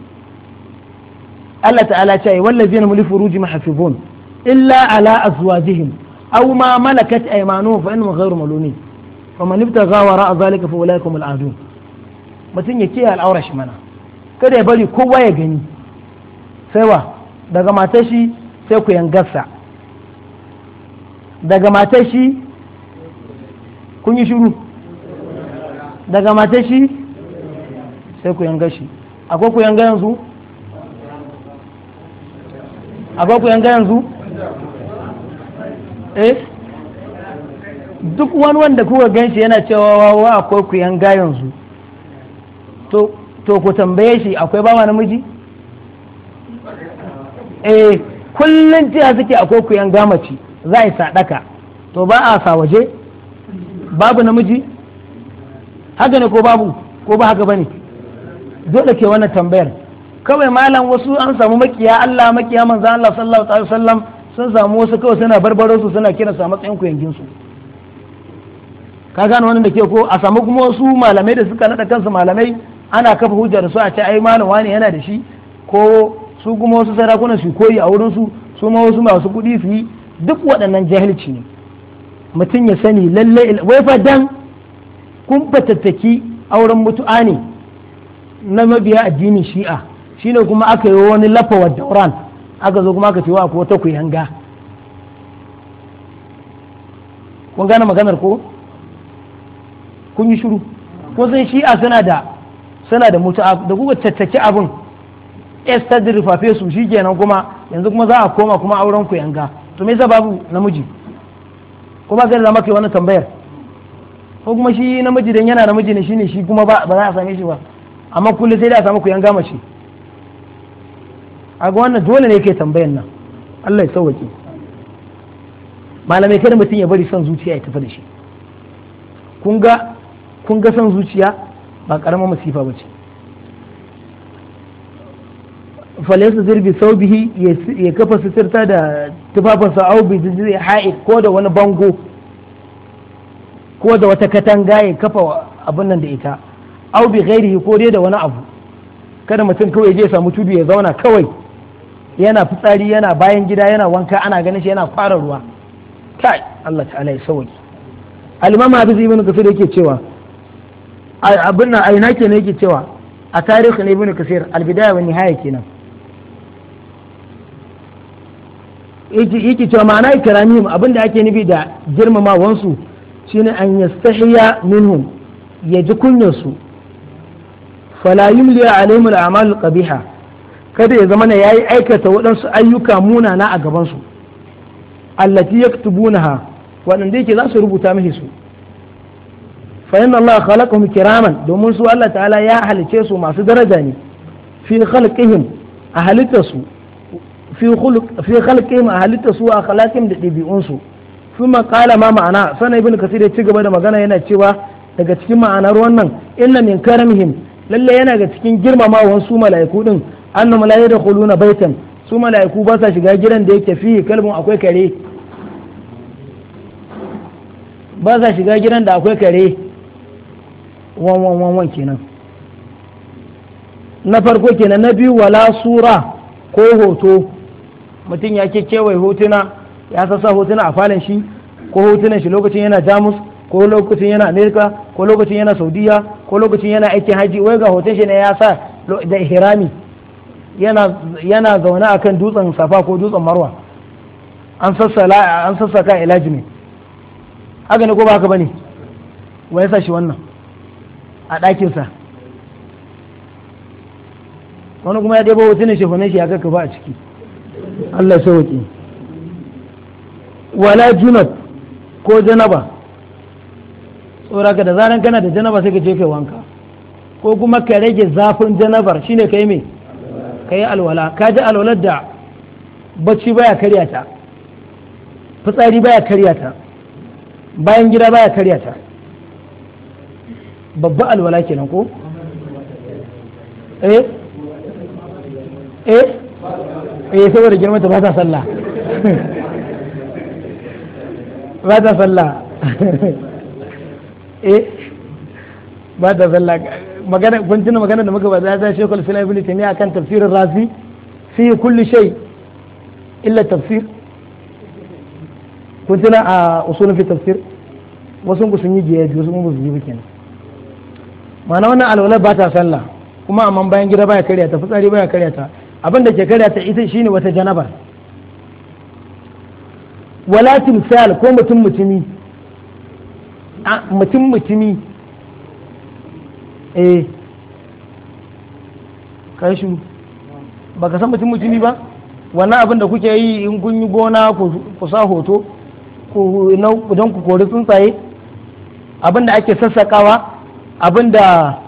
Allah ta'ala ce wallazina na li ruji hafizun illa ala azwajihim aw ma malakat aymanuhum fa innahum ghayru malunin faman ibtagha wara'a zalika fa ulaikum al'adun mutum ya kiyaye al'aura shi mana kada ya bari kowa ya gani sai wa daga matar shi sai ku yangarsa daga matar shi kun yi shiru daga matar shi sai ku yanga shi akwai ku yanga yanzu akwai ku yanga yanzu eh duk wani wanda kuka ganshi yana cewa wa akwai ku yanga yanzu to ku tambaye shi akwai bawa namiji eh kullun tiya suke akwai ku yan gamaci za a yi sadaka to ba a sa waje babu namiji haka ne ko babu ko ba haka bane dole ke wannan tambayar kawai malam wasu an samu makiya Allah makiya manzo Allah sallallahu alaihi wasallam sun samu wasu kawai suna barbaro su suna kira sa matsayin ku yankin su ka gane wannan da ke ko a samu kuma wasu malamai da suka nada kansu malamai ana kafa hujjar su a ce ai malam wani yana da shi ko su kuma wasu sarakunan su koyi a wurin su su ma wasu masu kuɗi su yi duk waɗannan jahilci ne mutum ya sani lalle wai fa dan kun fatattaki auren mutu'a ne na mabiya addinin shi'a shine kuma aka yi wani lafa wa dauran aka zo kuma aka ce wa ko ku yanga kun gane maganar ko kun yi shiru ko sai shi'a suna da suna da mutu da kuka tattaki abin esta da rufafe su shi kenan kuma yanzu kuma za a koma kuma auren ku yanga to me yasa babu namiji kuma zai zama kai wani tambayar ko kuma shi namiji dan yana namiji ne shine shi kuma ba za a same shi ba amma kullum sai da a samu ku yanga mace a ga wannan dole ne yake tambayar nan Allah ya sauwake malamai kada mutum ya bari son zuciya ya tafi da shi kun ga kun ga son zuciya ba karamar masifa ba ce Falesu zirbi sau bihi ya kafa sitirta da tufafinsa au bi zai ha'i ko da wani bango ko da wata katanga ya kafa abin nan da ita au bi ghairihi ko dai da wani abu kada mutum kawai je samu tudu ya zauna kawai yana fitsari yana bayan gida yana wanka ana ganin shi yana fara ruwa kai Allah ta'ala ya sauki al-imam Hafiz ibn Kathir yake cewa abin nan aina ke ne yake cewa a tarihi ne ibn kasir albidaya wa nihaya kenan yake cewa ma'ana ikramihim abin da ake nufi da girmamawansu shine an yastahiya minhum ya ji kunyarsu fala yumliya alaihim al'amal qabiha kada ya zama ya yi aikata waɗansu ayyuka munana a gabansu allati yaktubunaha waɗanda yake za su rubuta mahi su fa inna Allah khalaqahum kiraman domin su Allah ta'ala ya halice su masu daraja ne fi khalqihim a halitta su khalqihim a halittarsu a da ɗabi'unsu su qala ma ma'ana sanan ibn kasir ya ci gaba da magana yana cewa daga cikin ma'anar wannan inna min karamihim lalle yana ga cikin girmamawan su mala'iku din da la yadkhuluna baitan su mala'iku ba sa shiga gidan da yake fi kalbin akwai kare ba sa shiga gidan da akwai kare wan wan wan kenan na farko kenan na biyu wala sura ko hoto mutum ya ke kewaye hotuna ya sassa hotuna a falon shi ko hotunan shi lokacin yana jamus ko lokacin yana amerika ko lokacin yana saudiya ko lokacin yana aikin haji wai ga hoton shi ne ya sa da hirami yana zaune a kan dutsen safa ko dutsen marwa an sassa ka ilajini haka ne ko ba haka ba ne wa ya sa shi wannan a ɗakinsa wani kuma ya ɗebo hotunan shafanin shi ya kaka ba a ciki Allah waƙi, wala junab ko janaba tsoraka da zaran kana da janaba sai ka je ka wanka ko kuma ka rage zafin janabar shine kai me ka yi alwala ka ji alwalar da bacci baya karya ta fitsari baya karya ta bayan gida baya karya ta babba alwala kenan ko eh eh eh saboda girma ta ba ta sallah ba ta sallah eh ba ta sallah magana kun tuna magana da muka bada za shekul fil ibn taymiya kan tafsirin razi fi kulli shay illa tafsir kun tuna a usulun fi tafsir wasu sun yi jiya wasu ku sun yi bikin ma'ana wannan alwalar ba ta sallah kuma amma bayan gida baya karya ta fitsari baya karya ta abin da ke karya ta ita shine wata janaba walakin sal ko mutum mutumi mutum mutumi eh kai shi baka san mutum mutumi ba wannan abin da kuke yi in kun yi gona ku sa hoto don ku kori tsuntsaye abin da ake sassakawa abinda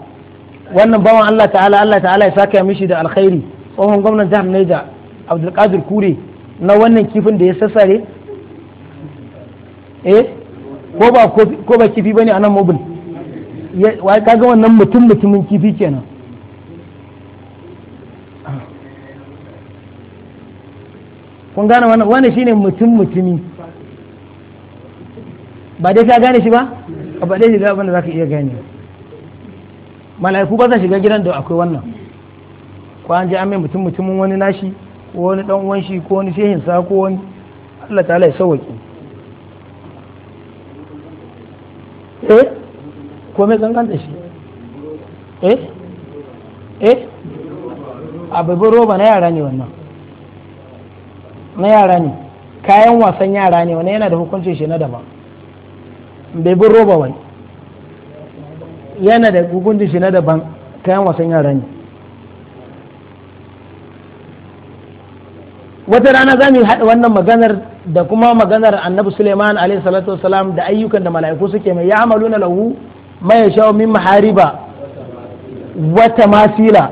wannan bawan Allah ta'ala Allah ta'ala ya saka mishi da alkhairi tsohon gwamnan jihar Neja Abdulkadir Kure na wannan kifin da ya sassare eh ko ba ko ba kifi bane anan mobil wai kaga wannan mutum mutumin kifi kenan kun gane wannan wannan shine mutum mutumi ba dai ka gane shi ba ba dai da abin da zaka iya gane mala'iku ba za shiga gidan da akwai wannan ko an je an mai mutum mutumin wani nashi ko wani dan uwan shi ko wani shehin sa ko wani Allah ta'ala ya sauwaki eh ko me ganganta shi eh eh a babban roba na yara ne wannan na yara ne kayan wasan yara ne wani yana da hukuncin shi na daban babban roba wani yana da hukuncin shi na daban ta kayan wasan yara ne wata rana za mu haɗa wannan maganar da kuma maganar annabi suleiman alayhi salatu wasalam da ayyukan da mala'iku suke mai ya amalu na lahu mai shawo min mahariba wata masila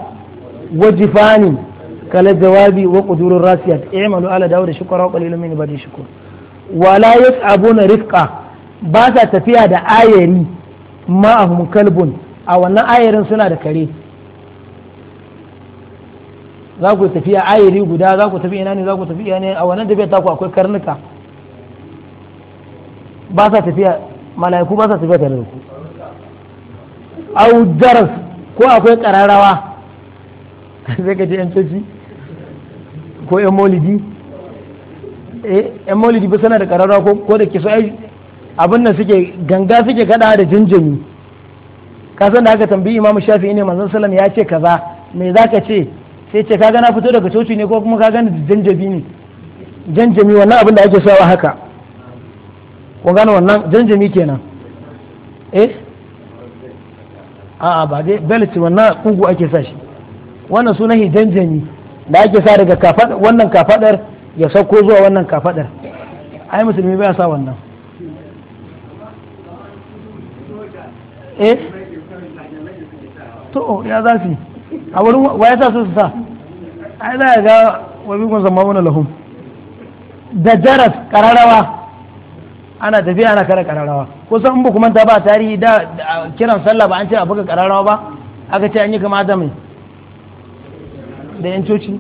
wa jifani kala jawabi wa kudurun rasiyat i'malu ala dawud shukra wa min ibadi shukur wala yas'abuna rifqa ba sa tafiya da ayari ma'ahum kalbun a wannan ayarin suna da kare za ku tafi a ayari guda za ku tafi ina ne za ku tafi ina ne a wannan da taku akwai karnuka ba sa tafiya malayaku ba sa tafiya tare da ku au daras ko akwai kararrawa sai ka ce yan coci ko yan molidi eh yan maulidi ba suna da kararrawa ko da ke so abin nan suke ganga suke kada da jinjini ka san da aka tambayi imamu shafi'i ne manzon sallam ya ce kaza me zaka ce sai ce ka na fito daga coci ne ko kuma gani da janjabi ne janjami wannan abin da ake sawa haka ko gane wannan janjami kenan eh a'a ba dai belt wannan kugu ake sa shi wannan sunan janjami da ake sa daga wannan kafadar ya sauko zuwa wannan kafadar ai musulmi ba sa wannan eh to ya za su a wurin waya ta su sa ai za ga wani kun zama wani lahum da jaras kararrawa ana tafiya ana kare kararawa kusan in ba kuma ta ba tarihi da kiran sallah ba an ce a buga kararawa ba aka ce an yi kama da mai da yan coci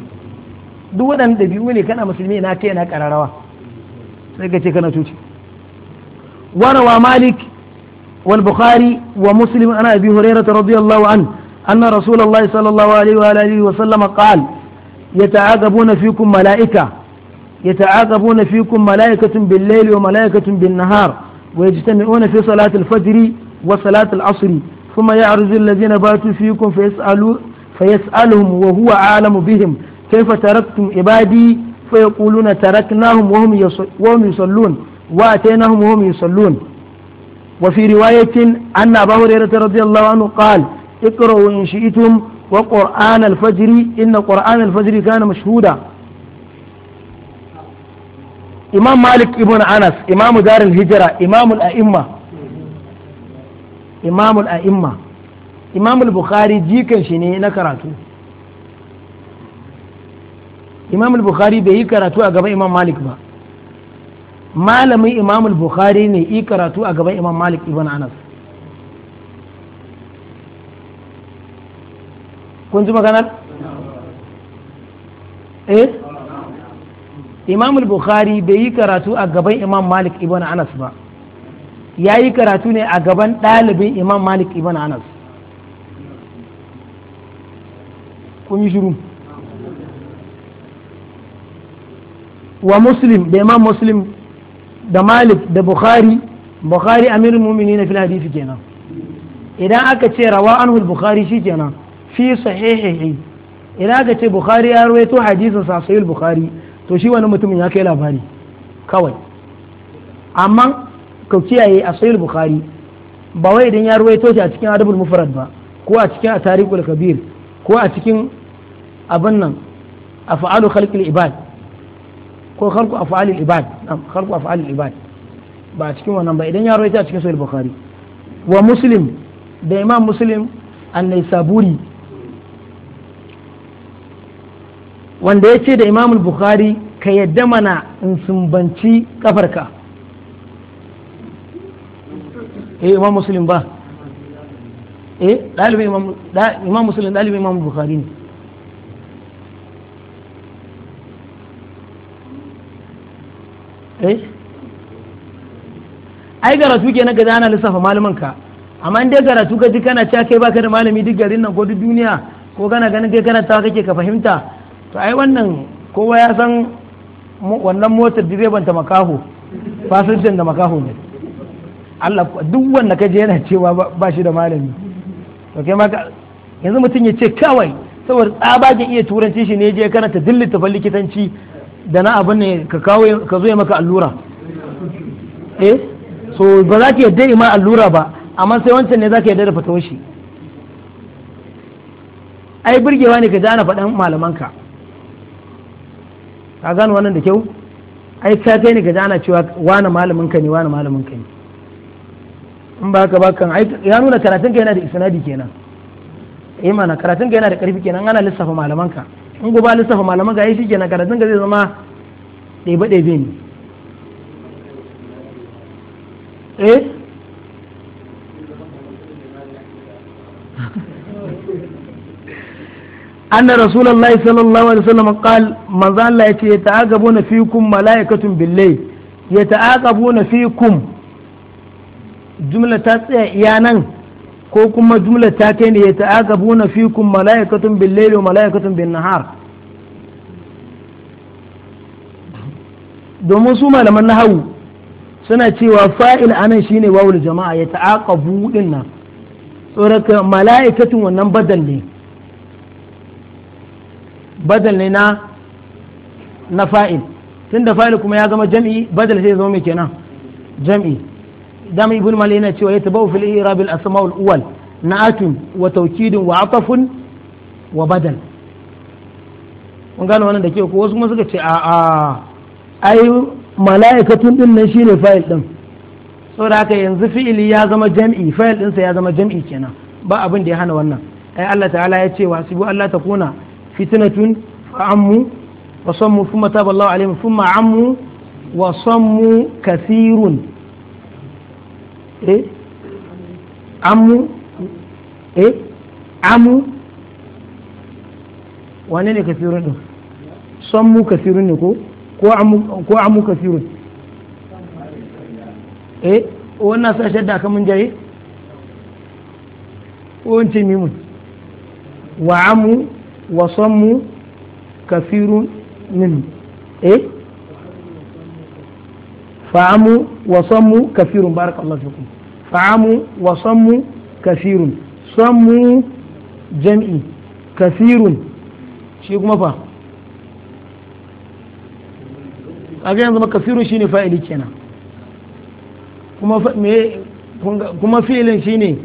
duk waɗanda ɗabi'u ne kana musulmi na ce na kararawa sai ka ce kana coci warawa malik والبخاري ومسلم عن أبي هريرة رضي الله عنه أن رسول الله صلى الله عليه وآله وسلم قال يتعاقبون فيكم ملائكة يتعاقبون فيكم ملائكة بالليل وملائكة بالنهار ويجتمعون في صلاة الفجر وصلاة العصر ثم يعرج الذين باتوا فيكم فيسألوا فيسألهم وهو عالم بهم كيف تركتم عبادي فيقولون تركناهم وهم يصلون وأتيناهم وهم يصلون وفي رواية أن أبا هريرة رضي الله عنه قال اقرأوا إن شئتم وقرآن الفجر إن قرآن الفجر كان مشهودا إمام مالك ابن أنس إمام دار الهجرة إمام الأئمة إمام الأئمة إمام البخاري جيكا شيني نكراتو إمام البخاري بيكراتو أقبى إمام مالك بقى malamin imamul bukhari ne i karatu a gaban imam malik ibn anas kun ji maganar eh imamul bukhari bai yi karatu a gaban imam malik ibn anas ba ya yi karatu ne a gaban ɗalibin imam malik ibn anas kun yi shiru wa muslim da imam muslim da malik da bukhari bukhari amirul mu'minin fil hadisi kenan idan aka ce rawa anhu bukhari shi kenan fi sahihihi idan aka ce bukhari ya rawaito hadisin sa sahih bukhari to shi wani mutumin ya kai labari kawai amma ka kiyaye a sahih bukhari ba wai idan ya rawaito shi a cikin adabul mufrad ba ko a cikin a kabir ko a cikin abin nan a khalqil ibad ko khalqu af'alil ibad nam khalqu af'alil ibad ba cikin wannan ba idan ya rawaita cikin sahih bukhari wa muslim da imam muslim annai saburi wanda ya ce da imam bukhari ka yadda mana in sumbanci kafarka eh imam muslim ba eh dalibin imam muslim dalibin imam bukhari ne kai eh? ai garatu kenan ka ana lissafa malaman ka amma in dai garatu ka ji kana cewa kai baka da malami duk garin nan ko duk duniya ko kana ganin kai kana tawa kake ka fahimta to ai wannan kowa ya san wannan motar direban ta makaho fasinjan da makaho ne Allah duk wanda ka je yana cewa ba shi da malami to kai ma yanzu mutum ya ce kawai saboda tsabagen iya turanci shi ne je karanta dillin tafan likitanci da na abin ne ka kawo ka zo maka allura eh so ba za ka yadda ima allura ba amma sai wancan ne za ka yadda da fatawar shi ai burgewa ne ka ji ana faɗan malamanka ka gano wannan da kyau ai ka kai ne ka ji ana cewa wani ka ne wani ka ne in ba ka bakan ai ya nuna karatun ka yana da isnadi kenan eh mana karatun ka yana da karfi kenan ana lissafa malamanka in gobe lissafa malaman ga shi na karatun ga zai zama ɗebe ɗebe ne eh أن رسول الله صلى الله عليه وسلم قال ما زال يتعاقبون فيكم ملائكة بالليل يتعاقبون فيكم ta تسعة يا nan. ko kuma jumla ta kai ne ya ta'aqabuna fikum mala'ikatun bil layli wa mala'ikatun bin nahar domin su malaman nahawu suna cewa fa'il anan shine wawul jama'a ya ta'aqabu din nan tsoraka mala'ikatun wannan badal ne badal ne na na fa'il tunda fa'il kuma ya zama jam'i badal sai ya zama mai kenan jam'i dama ibn mali yana cewa ya tabau fil i'rab al asma'ul uwal na'atun wa tawkidun wa atafun wa badal mun gano wannan da ke ko kuma suka ce a a ai mala'ikatun din nan shine fa'il din saboda haka yanzu fi'ili ya zama jam'i fayil ɗinsa ya zama jam'i kenan ba abin ya hana wannan ai Allah ta'ala ya ce wa sibu Allah ta kuna fitnatun fa'ammu wa sammu thumma taba Allah alaihim thumma ammu wa sammu eh amu eh amu wane ne kasirun din son mu kasirun ne ko ko amu kasirun eh wannan sa shadda kan mun jaye ko in ce mimun wa amu wa son mu kasirun min eh fa'amu wa sammu kafirun barakallahu fikum fa'amu wa sammu kafirun sammu jam'i kafirun shi kuma fa a ga yanzu kafiru shine fa'ili kenan kuma me kuma fi'ilin shine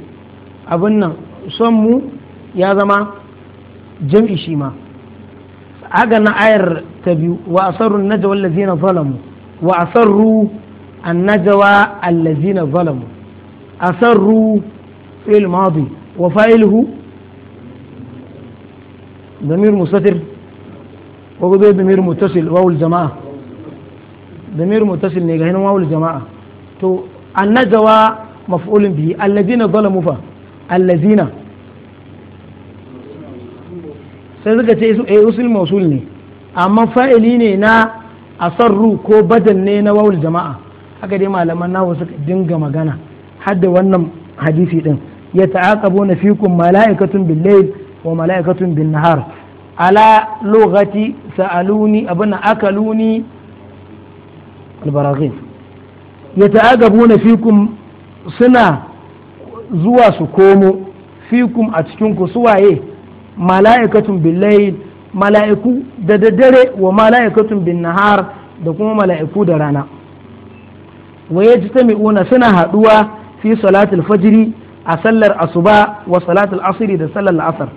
abin nan sammu ya zama jam'i shi ma haka na ayar ta biyu wa asarru najwa allazina zalamu wa asarru annajawa allazina zalamu asarru fil madi wa ضمير مستتر وقضي ضمير متصل واو الجماعة ضمير متصل نيجا هنا واو الجماعة تو النجوى مفعول به الذين ظلموا فا الذين sai suka ce su eh usul mausul ne amma fa'ili ne na asarru ko badal ne na wawul jama'a haka dai malaman na suka dinga magana har wannan hadisi din ya na fikum mala'ikatun bil layl wa mala'ikatun bin nahar ala lughati sa'aluni abuna akaluni albaraghin ya na fikum suna zuwa su komo fikum a cikin ku suwaye mala'ikatun bil layl mala'iku da daddare wa mala'ikatun bin nahar da kuma mala'iku da rana wa yajtami'una suna haduwa fi salatul fajri a sallar asuba wa salatul Asiri da sallar asar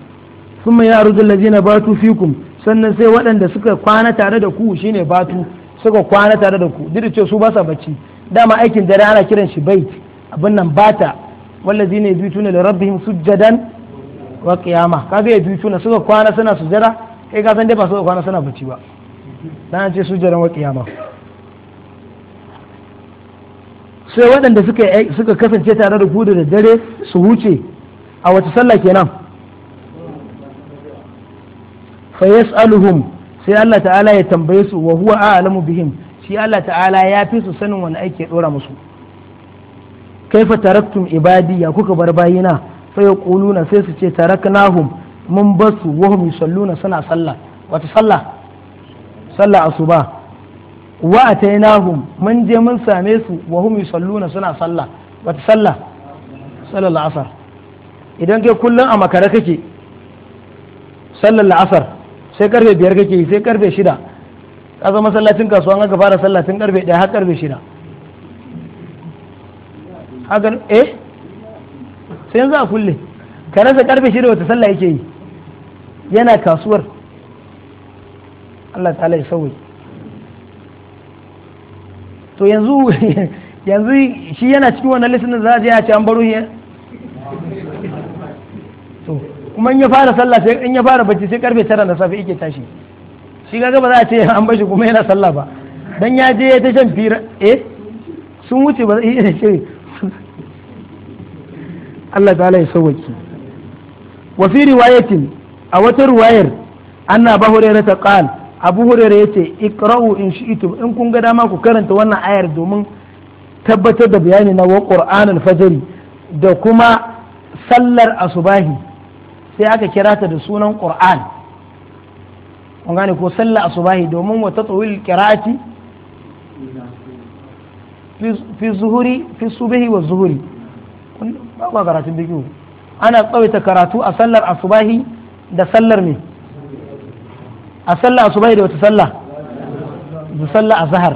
ya rudu allazina batu fikum sannan sai waɗanda suka kwana tare da ku shine batu suka kwana tare da ku duk da su ba sa bacci dama aikin dare ana kiran shi bait abin nan bata wallazina yabituna li rabbihim sujjadan wa qiyama kaga yabituna suka kwana suna sujada kai ka san dai ba suka kwana suna bacci ba dan ce sujjadan wa qiyama sai waɗanda suka suka kasance tare da ku da dare su wuce a wace sallah kenan fa yas'aluhum sai Allah ta'ala ya tambaye su wa huwa a'lamu bihim shi Allah ta'ala ya fi su sanin wani aiki ya dora musu kaifa taraktum ibadi ya kuka bar bayina fa yaquluna sai su ce taraknahum mun basu wa hum yusalluna sana sallah wata sallah sallah asuba wa atainahum mun je mun same su wa hum yusalluna suna sallah wata sallah sallar la'asar idan kai kullum a makare kake sallar la'asar sai karfe biyar kake yi sai karfe shida ka zama masallacin kasuwa aka fara sallah tun karfe daya har karfe shida hakan eh sai yanzu a kulle ka rasa karfe shida wata sallah yake yi yana kasuwar Allah ta'ala ya sauye to yanzu yanzu shi yana cikin wannan listenin za je ce an baro shi to kuma in ya fara sallah sai in ya fara bacci sai karfe tara na safe yake tashi shi ga ba za a ce an bashi kuma yana sallah ba dan ya je ta shan fira eh sun wuce ba iya ce Allah ta'ala ya sauwaki wa fi riwayatin a wata riwayar anna ta qala abu hurairah ya ce ikra'u in shi'tum in kun ga dama ku karanta wannan ayar domin tabbatar da bayani na wa qur'anul fajri da kuma sallar asubahi sai aka kira ta da sunan qur'an kun gane ko sallar asubahi domin wa tatawil qira'ati fi zuhuri fi subhi wa zuhuri ba karatun biyu ana tsawaita karatu a sallar asubahi da sallar ne a sallah asuba da wata sallah da sallah azhar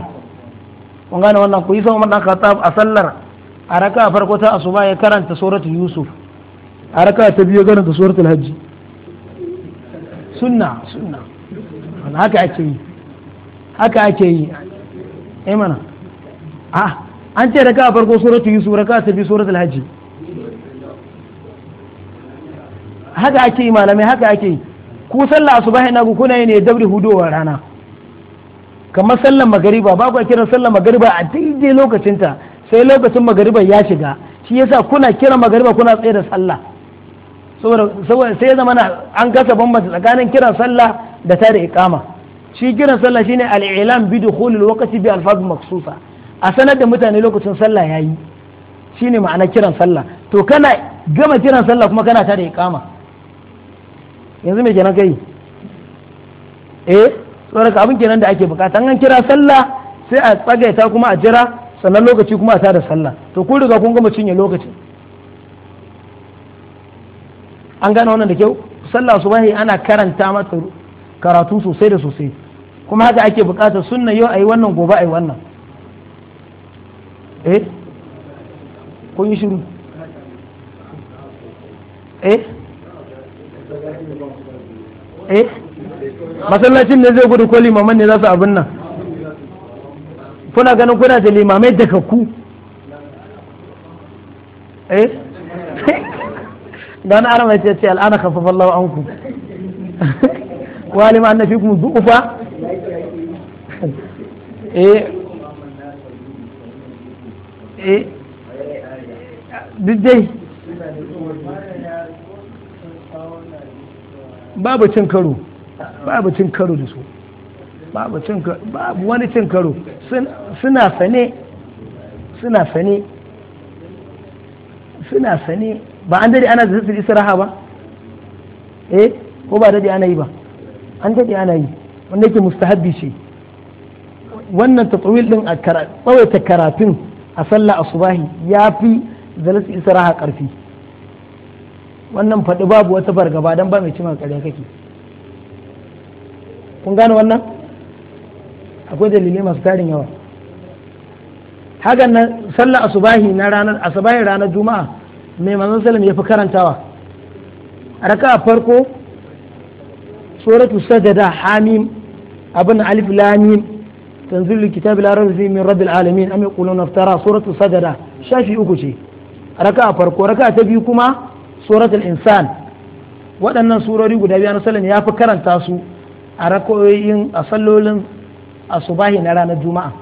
kun gane wannan ku yi sama dan khattab a sallar a raka farko ta asuba ya karanta suratul yusuf a raka ta biyu karanta suratul hajji sunna sunna haka ake yi haka ake yi eh mana a an ce raka farko suratul yusuf raka ta biyu suratul hajji haka ake yi malamai haka ake yi ku sallah ina na kuna yi ne dabri hudowa rana kamar sallar magariba ba ku kiran sallar magariba a daidai ta sai lokacin magariba ya shiga shi yasa kuna kira magariba kuna tsaye da sallah saboda sai zama na an kasa bambanta tsakanin kiran sallah da ta da iqama shi kiran sallah shine al-i'lam bi dukhulil waqti bi alfaz maksusa a sanar da mutane lokacin sallah yayi shine ma'ana kiran sallah to kana gama kiran sallah kuma kana ta da iqama yanzu me kenan kai eh tsoraka abin kenan da ake bukata an kira sallah sai a tsagaita kuma a jira sannan lokaci kuma a tada sallah to kun riga kun gama cinye lokacin an gane wannan da kyau sallah subahi ana karanta mata karatu sosai da sosai kuma haka ake bukata sunna yau ayi wannan gobe ayi wannan eh kun yi shiru eh eh masallacin ne zai gudu ko limaman ne za su abin nan kuna ganin kuna da limamai da kaku eh dan ana mai ce al'ana khaffafa Allah anku wa lima anna fikum du'ufa eh eh duk dai babu cin karo babu cin karo da su babu cin karo babu wani cin karo suna sane suna sane suna sane ba an dade ana zai saraha ba eh ko ba dade ana yi ba an dade ana yi wanda yake mustahabbi ce wannan tatawil din a tsawaita karatun a sallah asubahi ya fi zalatul israha karfi wannan faɗi babu wata fargaba don ba mai cimar ƙarya kake kun gane wannan akwai dalilai masu tarin yawa hakan nan sallar asubahi na ranar asubahi ranar juma'a mai manzon sallam ya fi karantawa raka farko suratu sajada hamim abin alif lamim tanzilul kitabi la raiba fihi min al alamin am yaquluna iftara suratu sajada shafi uku ce raka farko raka ta biyu kuma suratul insan waɗannan surori guda biyu na sallan ya fi karanta su a rakoyoyin a sallolin asubahi na ranar juma'a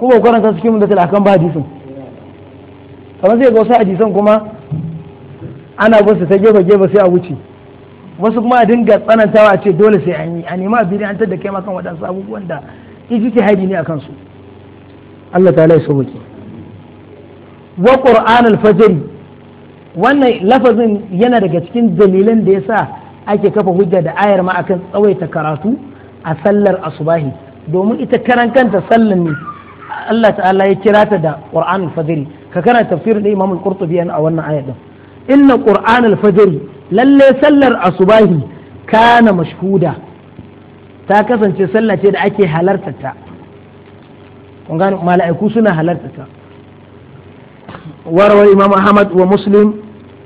ko ba karanta su kimin da talakan ba hadisin kamar sai ga wasu hadisan kuma ana basu ta gefe gefe sai a wuce wasu kuma a dinga tsanantawa a ce dole sai an yi a nema a bidi an da kai makan waɗansu abubuwan da haidi ne a kansu Allah ta lai sauki wa fajr wannan lafazin yana daga cikin dalilan da yasa ake kafa hujja da ayar ma akan tsawaita karatu a sallar asubahi domin ita karan kanta sallar ne Allah ta'ala ya kira ta da Qur'an al-Fajr ka kana tafsir da Imam al-Qurtubi a wannan ayar din inna Qur'an al-Fajr lalle sallar asubahi kana mashhuda ta kasance sallah da ake halarta ta kun mala'iku suna halarta وروى الإمام أحمد ومسلم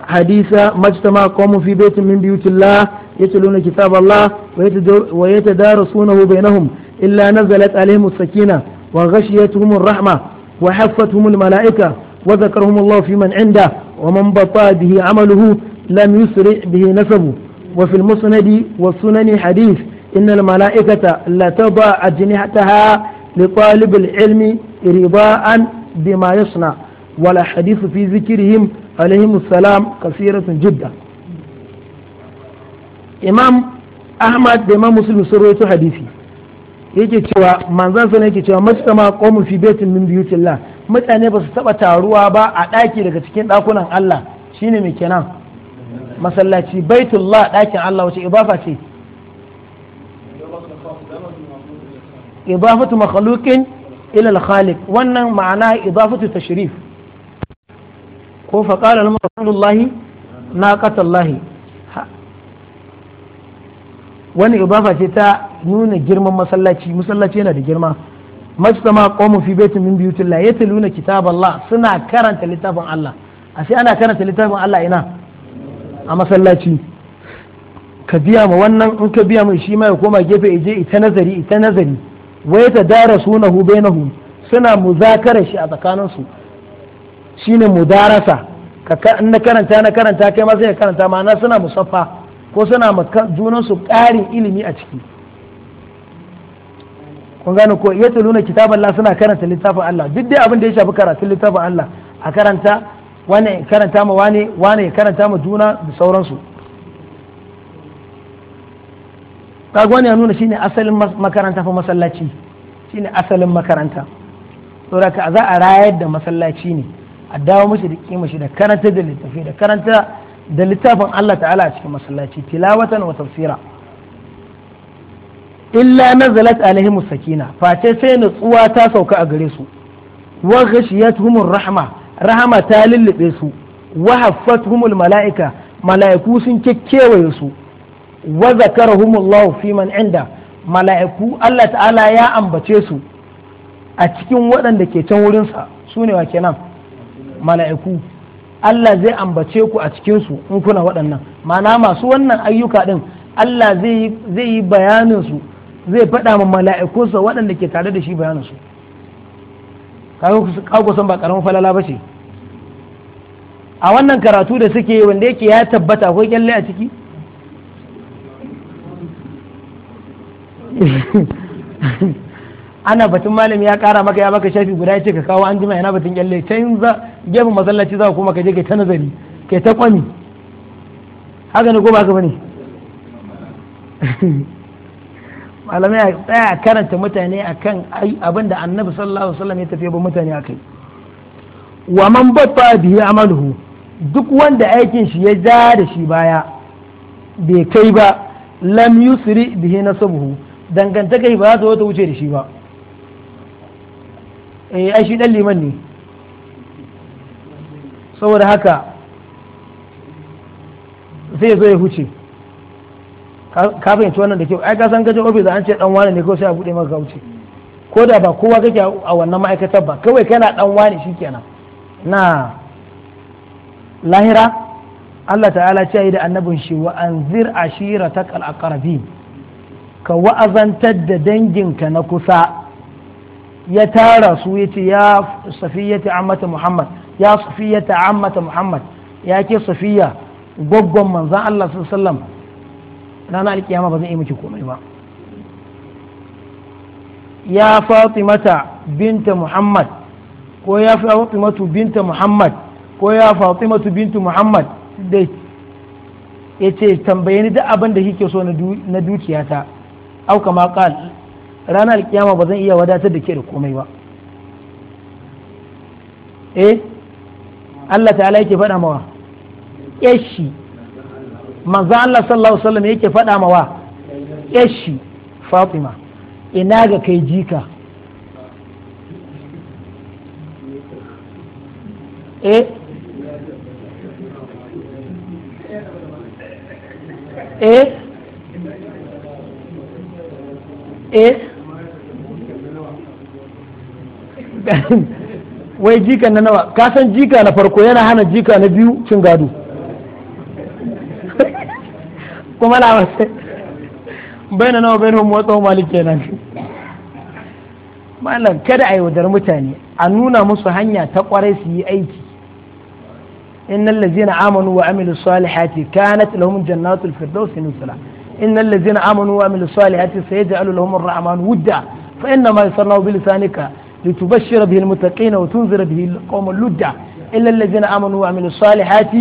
حديث ما اجتمع قوم في بيت من بيوت الله يتلون كتاب الله ويتدارسونه بينهم إلا نزلت عليهم السكينة وغشيتهم الرحمة وحفتهم الملائكة وذكرهم الله في من عنده ومن بطا به عمله لم يسرع به نسبه وفي المسند والسنن حديث إن الملائكة لا تضع أجنحتها لطالب العلم رضاء بما يصنع wal hadithu fi zikrihim alaihim salam kasiratun jidda imam ahmad da imam muslim sun hadisi yake cewa manzon sa yake cewa mastama qawmun fi baitin min buyutillah mutane ba su taba taruwa ba a daki daga cikin dakunan Allah shine mai kenan masallaci baitullah dakin Allah wace ibafa ce Ibafatu makhluqin ila khaliq wannan ma'ana Ibafatu tashrif ko faƙala na rasulullahi na wani ibafa ce ta nuna girman masallaci masallaci yana da girma majtama qawmun fi baitin min buyutillah yatluna kitaballah suna karanta littafin Allah a sai ana karanta littafin Allah ina a masallaci ka biya ma wannan in ka biya mai shi ma ya koma gefe ije ita nazari ita nazari wai ta dara sunahu bainahum suna muzakara shi a tsakaninsu shine mudarasa ka in na karanta na karanta kai ma sai ka karanta ma'ana suna musaffa ko suna junan su ƙarin ilimi a ciki kun gane ko iya tuluna kitabun Allah suna karanta littafin Allah duk dai abin da ya shafi karatun littafin Allah a karanta wane karanta ma wane wane karanta ma juna da sauransu kaga wani ya nuna shine asalin makaranta fa masallaci shine asalin makaranta saboda za a rayar da masallaci ne a dawo mashi da kima shi da karanta da littafi da karanta da littafin Allah ta'ala a cikin masallaci tilawatan wa tafsira illa nazalat alaihim sakina face sai nutsuwa ta sauka a gare su wa ghashiyatuhumur rahma rahama ta lullube su wa humul malaika malaiku sun kekkewaye su wa zakarahumullahu fi man inda mala'iku Allah ta'ala ya ambace su a cikin waɗanda ke can wurin su ne wa kenan mala'iku Allah zai ambace ku a cikinsu in kuna waɗannan ma'ana masu wannan ayyuka ɗin Allah zai yi bayaninsu zai faɗa ma mala'ikunsa waɗanda ke tare da shi bayaninsu kawo san ba ƙaramin falala ba ce a wannan karatu da suke yi wanda yake ya tabbata akwai kyalle a ciki ana batun malam ya kara maka ya baka shafi guda ce ka kawo an jima yana batun kyalle can za gefen masallaci za kuma ka je kai ta nazari kai ta kwami haka ne ko ba ka bane malamai a tsaya karanta mutane akan abin da annabi sallallahu alaihi wasallam ya tafi ba mutane akai wa man batta bihi amaluhu duk wanda aikin shi ya ja da shi baya bai kai ba lam yusri bihi nasabuhu dangantaka ba za ta wuce da shi ba eh shi dan liman ne saboda haka sai zo ya huce ka fahimci wannan da kyau ai ka san gaje ofis an ce dan wani ne ko sai a bude maka ka huce ko da ba kowa kake a wannan ma'aikatar ba kawai kana dan wani shikenan na lahira Allah ta'ala ce yi da annabin shi wa anzir ashira al aqrabin ka wa'azantar da danginka na kusa ya tara su ya ce ya safiyyata ammata muhammad ya safiyyata ammata muhammad ya ke safiya gwaggon manzan allah sallam rana alkiyama ba zan yi miki komai ba ya fatimata binta muhammad ko ya fatimatu binta muhammad ko ya fatimatu bintu muhammad da ya ce tambaye ni duk abin da kike so na dukiyata auka ma qal ranar alkiyama ba zan iya wadatar da ke da komai ba eh Allah ta'ala yake faɗa mawa yashi manzo Allah sallallahu alaihi wasallam yake faɗa mawa yashi Fatima ina ga kai jika eh eh eh wai jika na nawa ka san jika na farko yana hana jika na biyu cin gado kuma na wasu bai na nawa bai na motsa malik kenan malam kada a yi yaudar mutane a nuna musu hanya ta kwarai su yi aiki innal ladzina amanu wa amilu salihati kanat lahum jannatul firdausi nuzula innal ladzina amanu wa amilu salihati sayaj'alu lahum ar-rahman wudda fa inna ma yasarnahu bi lisanika لتبشر به المتقين وتنذر به القوم اللجة إلا الذين آمنوا وعملوا الصالحات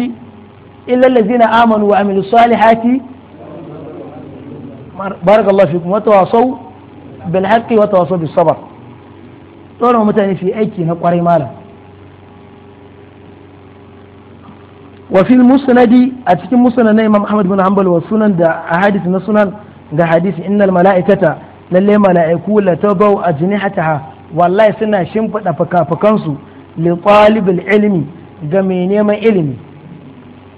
إلا الذين آمنوا وعملوا الصالحات بارك الله فيكم وتواصوا بالحق وتواصوا بالصبر دون متعني في أيكي نقري مالا وفي المسند أتكي مسند إمام أحمد بن حنبل والسنن دا أحاديث السنن دا حديث إن الملائكة للي ملائكو لتضوا أجنحتها wallahi suna shimfiɗa fuka-fukansu li talibul ilmi ga mai neman ilimi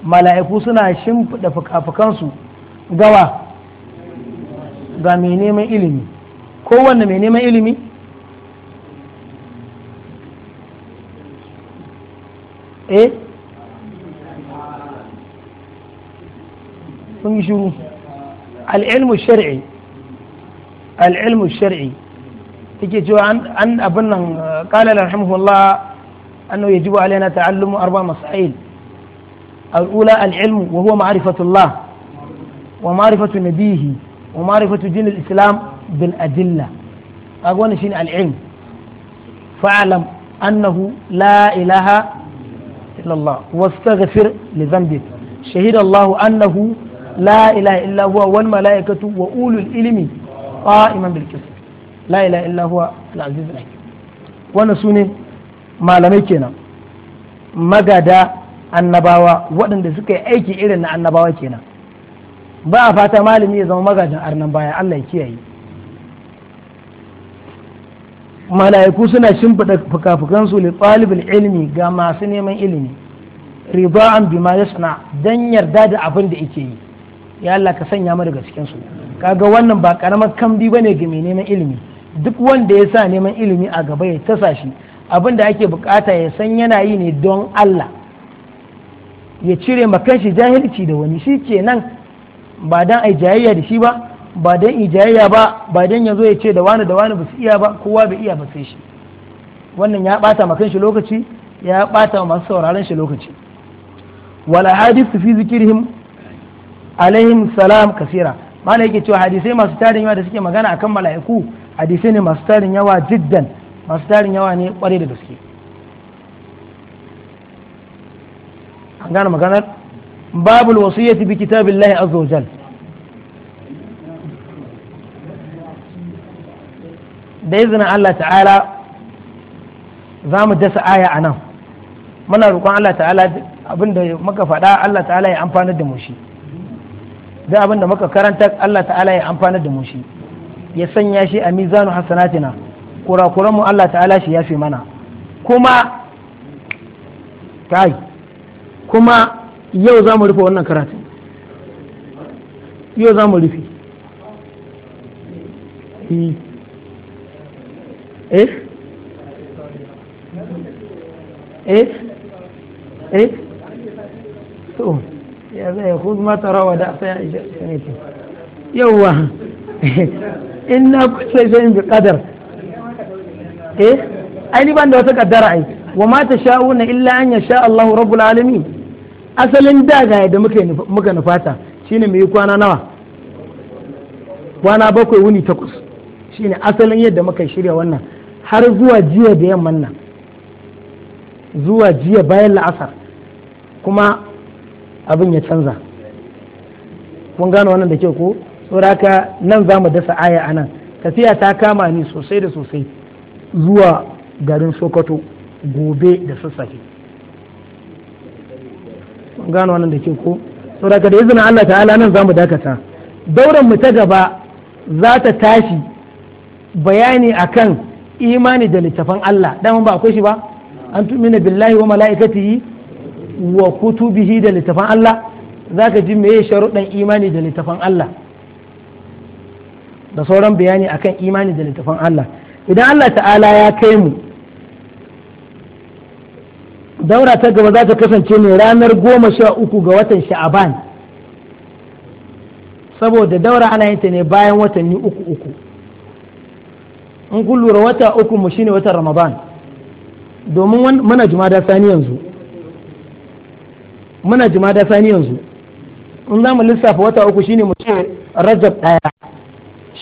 mala'iku suna shimfiɗa fuka-fukansu gawa ga mai neman ilimi kowanne mai neman ilimi eh sun yi shuru al'ilmu shari'i al'ilmu shari'i yake cewa an abin nan uh, qala rahimahullah annahu yajibu alaina ta'allumu arba masail al-ula al-ilm wa huwa ma'rifatullah wa ma'rifatu nabihi wa ma'rifatu din al-islam bil adilla kaga wannan shine al-ilm fa'lam annahu la ilaha illa Allah wastaghfir li dhanbik shahida Allah annahu la ilaha illa huwa wal malaikatu wa ulul ilmi qa'iman bil qist la ilaha illa huwa al-aziz al-hakim malamai kenan magada annabawa waɗanda suka yi aiki irin na annabawa kenan ba a fata malami ya zama magajin arnan baya Allah ya kiyaye Malayaku suna shimfiɗa fuka-fukansu li ɗalibul ilimi ga masu neman ilimi rida'an bima yasna dan yarda da abin da yake yi ya Allah ka sanya mu daga cikin su kaga wannan ba karamar kambi ba ne ga mai neman ilimi duk wanda ya sa neman ilimi a gaba ya tasa shi abin da ake bukata ya san yana yi ne don Allah ya cire makan shi jahilci da wani shi ke nan ba dan ai jayayya da shi ba ba dan ijayayya ba ba dan yanzu ya ce da wani da wani ba su iya ba kowa bai iya ba sai shi wannan ya bata makan shi lokaci ya bata masu sauraron shi lokaci wala hadithu fi zikrihim alaihim salam kasira malai yake cewa hadisai masu tarin yawa da suke magana akan mala'iku hadisai ne masu tarin yawa jiddan masu tarin yawa ne kware da gaske an gane maganar babul wasiyyati bi kitabillahi azza wajal da izinin Allah ta'ala za mu dasa aya a nan muna roƙon Allah ta'ala abinda muka faɗa Allah ta'ala ya amfanar da mu shi da abinda muka karanta Allah ta'ala ya amfanar da mu shi ya sanya shi a mizanu hasanatina kurakuranmu Allah ta'ala shi ya fi mana kuma kai kuma yau za mu rufe wannan karatun yau za mu rufe eh eh eh, eh? to ya zai hudu mata rawa da sai ya yauwa inna sai sai bi qadar eh ai ban da wata kaddara ai wa ma tasha'una illa an yasha Allahu rabbul alamin asalin da ga da muka muka nufata shine mu yi kwana nawa kwana bakwai wuni takwas shine asalin yadda muka shirya wannan har zuwa jiya da yamman nan zuwa jiya bayan la'asar kuma abin ya canza kun gano wannan da ke ko sauraka nan za mu dasa aya a nan tafiya ta kama ni sosai da sosai zuwa garin sokoto gobe da sassafe gano wannan da ke ko sauraka da izinin Allah ta'ala nan za mu dakata dauran mu ta gaba za ta tashi bayani akan imani da littafan Allah daman ba akwai shi ba an tumina billahi wa mala'ikatihi wa kutubihi da littafan Allah zaka ji meye sharuɗan imani da littafan Allah da sauran bayani akan imani da littafin Allah idan Allah ta'ala ya kai mu daura ta gaba za ta kasance ne ranar goma sha uku ga watan sha'aban saboda daura ana yin ta ne bayan watanni uku uku in kun lura wata uku mu shine watan ramadan domin muna jumada sani yanzu muna jumada sani yanzu in za mu lissafa wata uku shine mu ce rajab ɗaya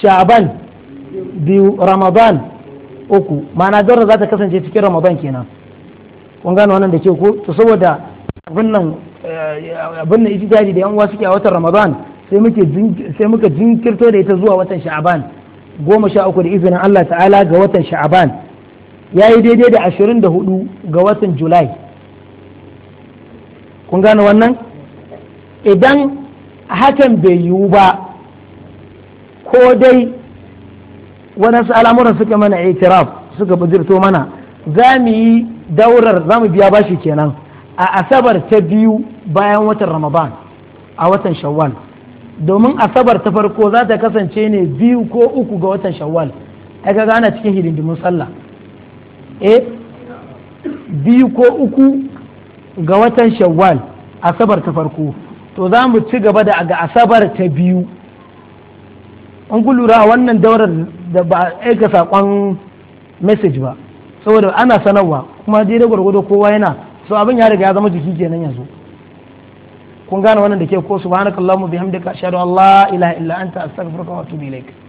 Sha'aban biyu ramadan uku ma'ana daurar za ta kasance cikin ramadan kenan kun gane wannan da ke ko to saboda abin nan eh, abin nan da yan uwa suke a watan ramadan sai muke sai muka jinkirto da ita zuwa watan sha'ban goma sha uku da izinin Allah ta'ala ga watan sha'ban yi daidai da ashirin da hudu ga watan julai kun gane wannan idan hakan bai yiwu ba ko dai wani al'amuran suka mana itiraf suka bujirto mana za mu yi daurar za mu biya bashi kenan a asabar ta biyu bayan watan ramadan a watan shawwal domin asabar ta farko za ta kasance ne biyu ko uku ga watan shawwal ai ka gana cikin hidindimin sallah eh biyu ko uku ga watan shawwal asabar ta farko to za mu ci gaba da ga asabar ta biyu an lura a wannan daurar da ba a aika saƙon message ba saboda ana sanarwa kuma da gwargwado kowa yana so abin ya riga ya zama jiki kenan yanzu kun gane wannan da ke ko subhanakallahumma bihamdika ashhadu an la ilaha illa anta astaghfiruka wa atubu ilaik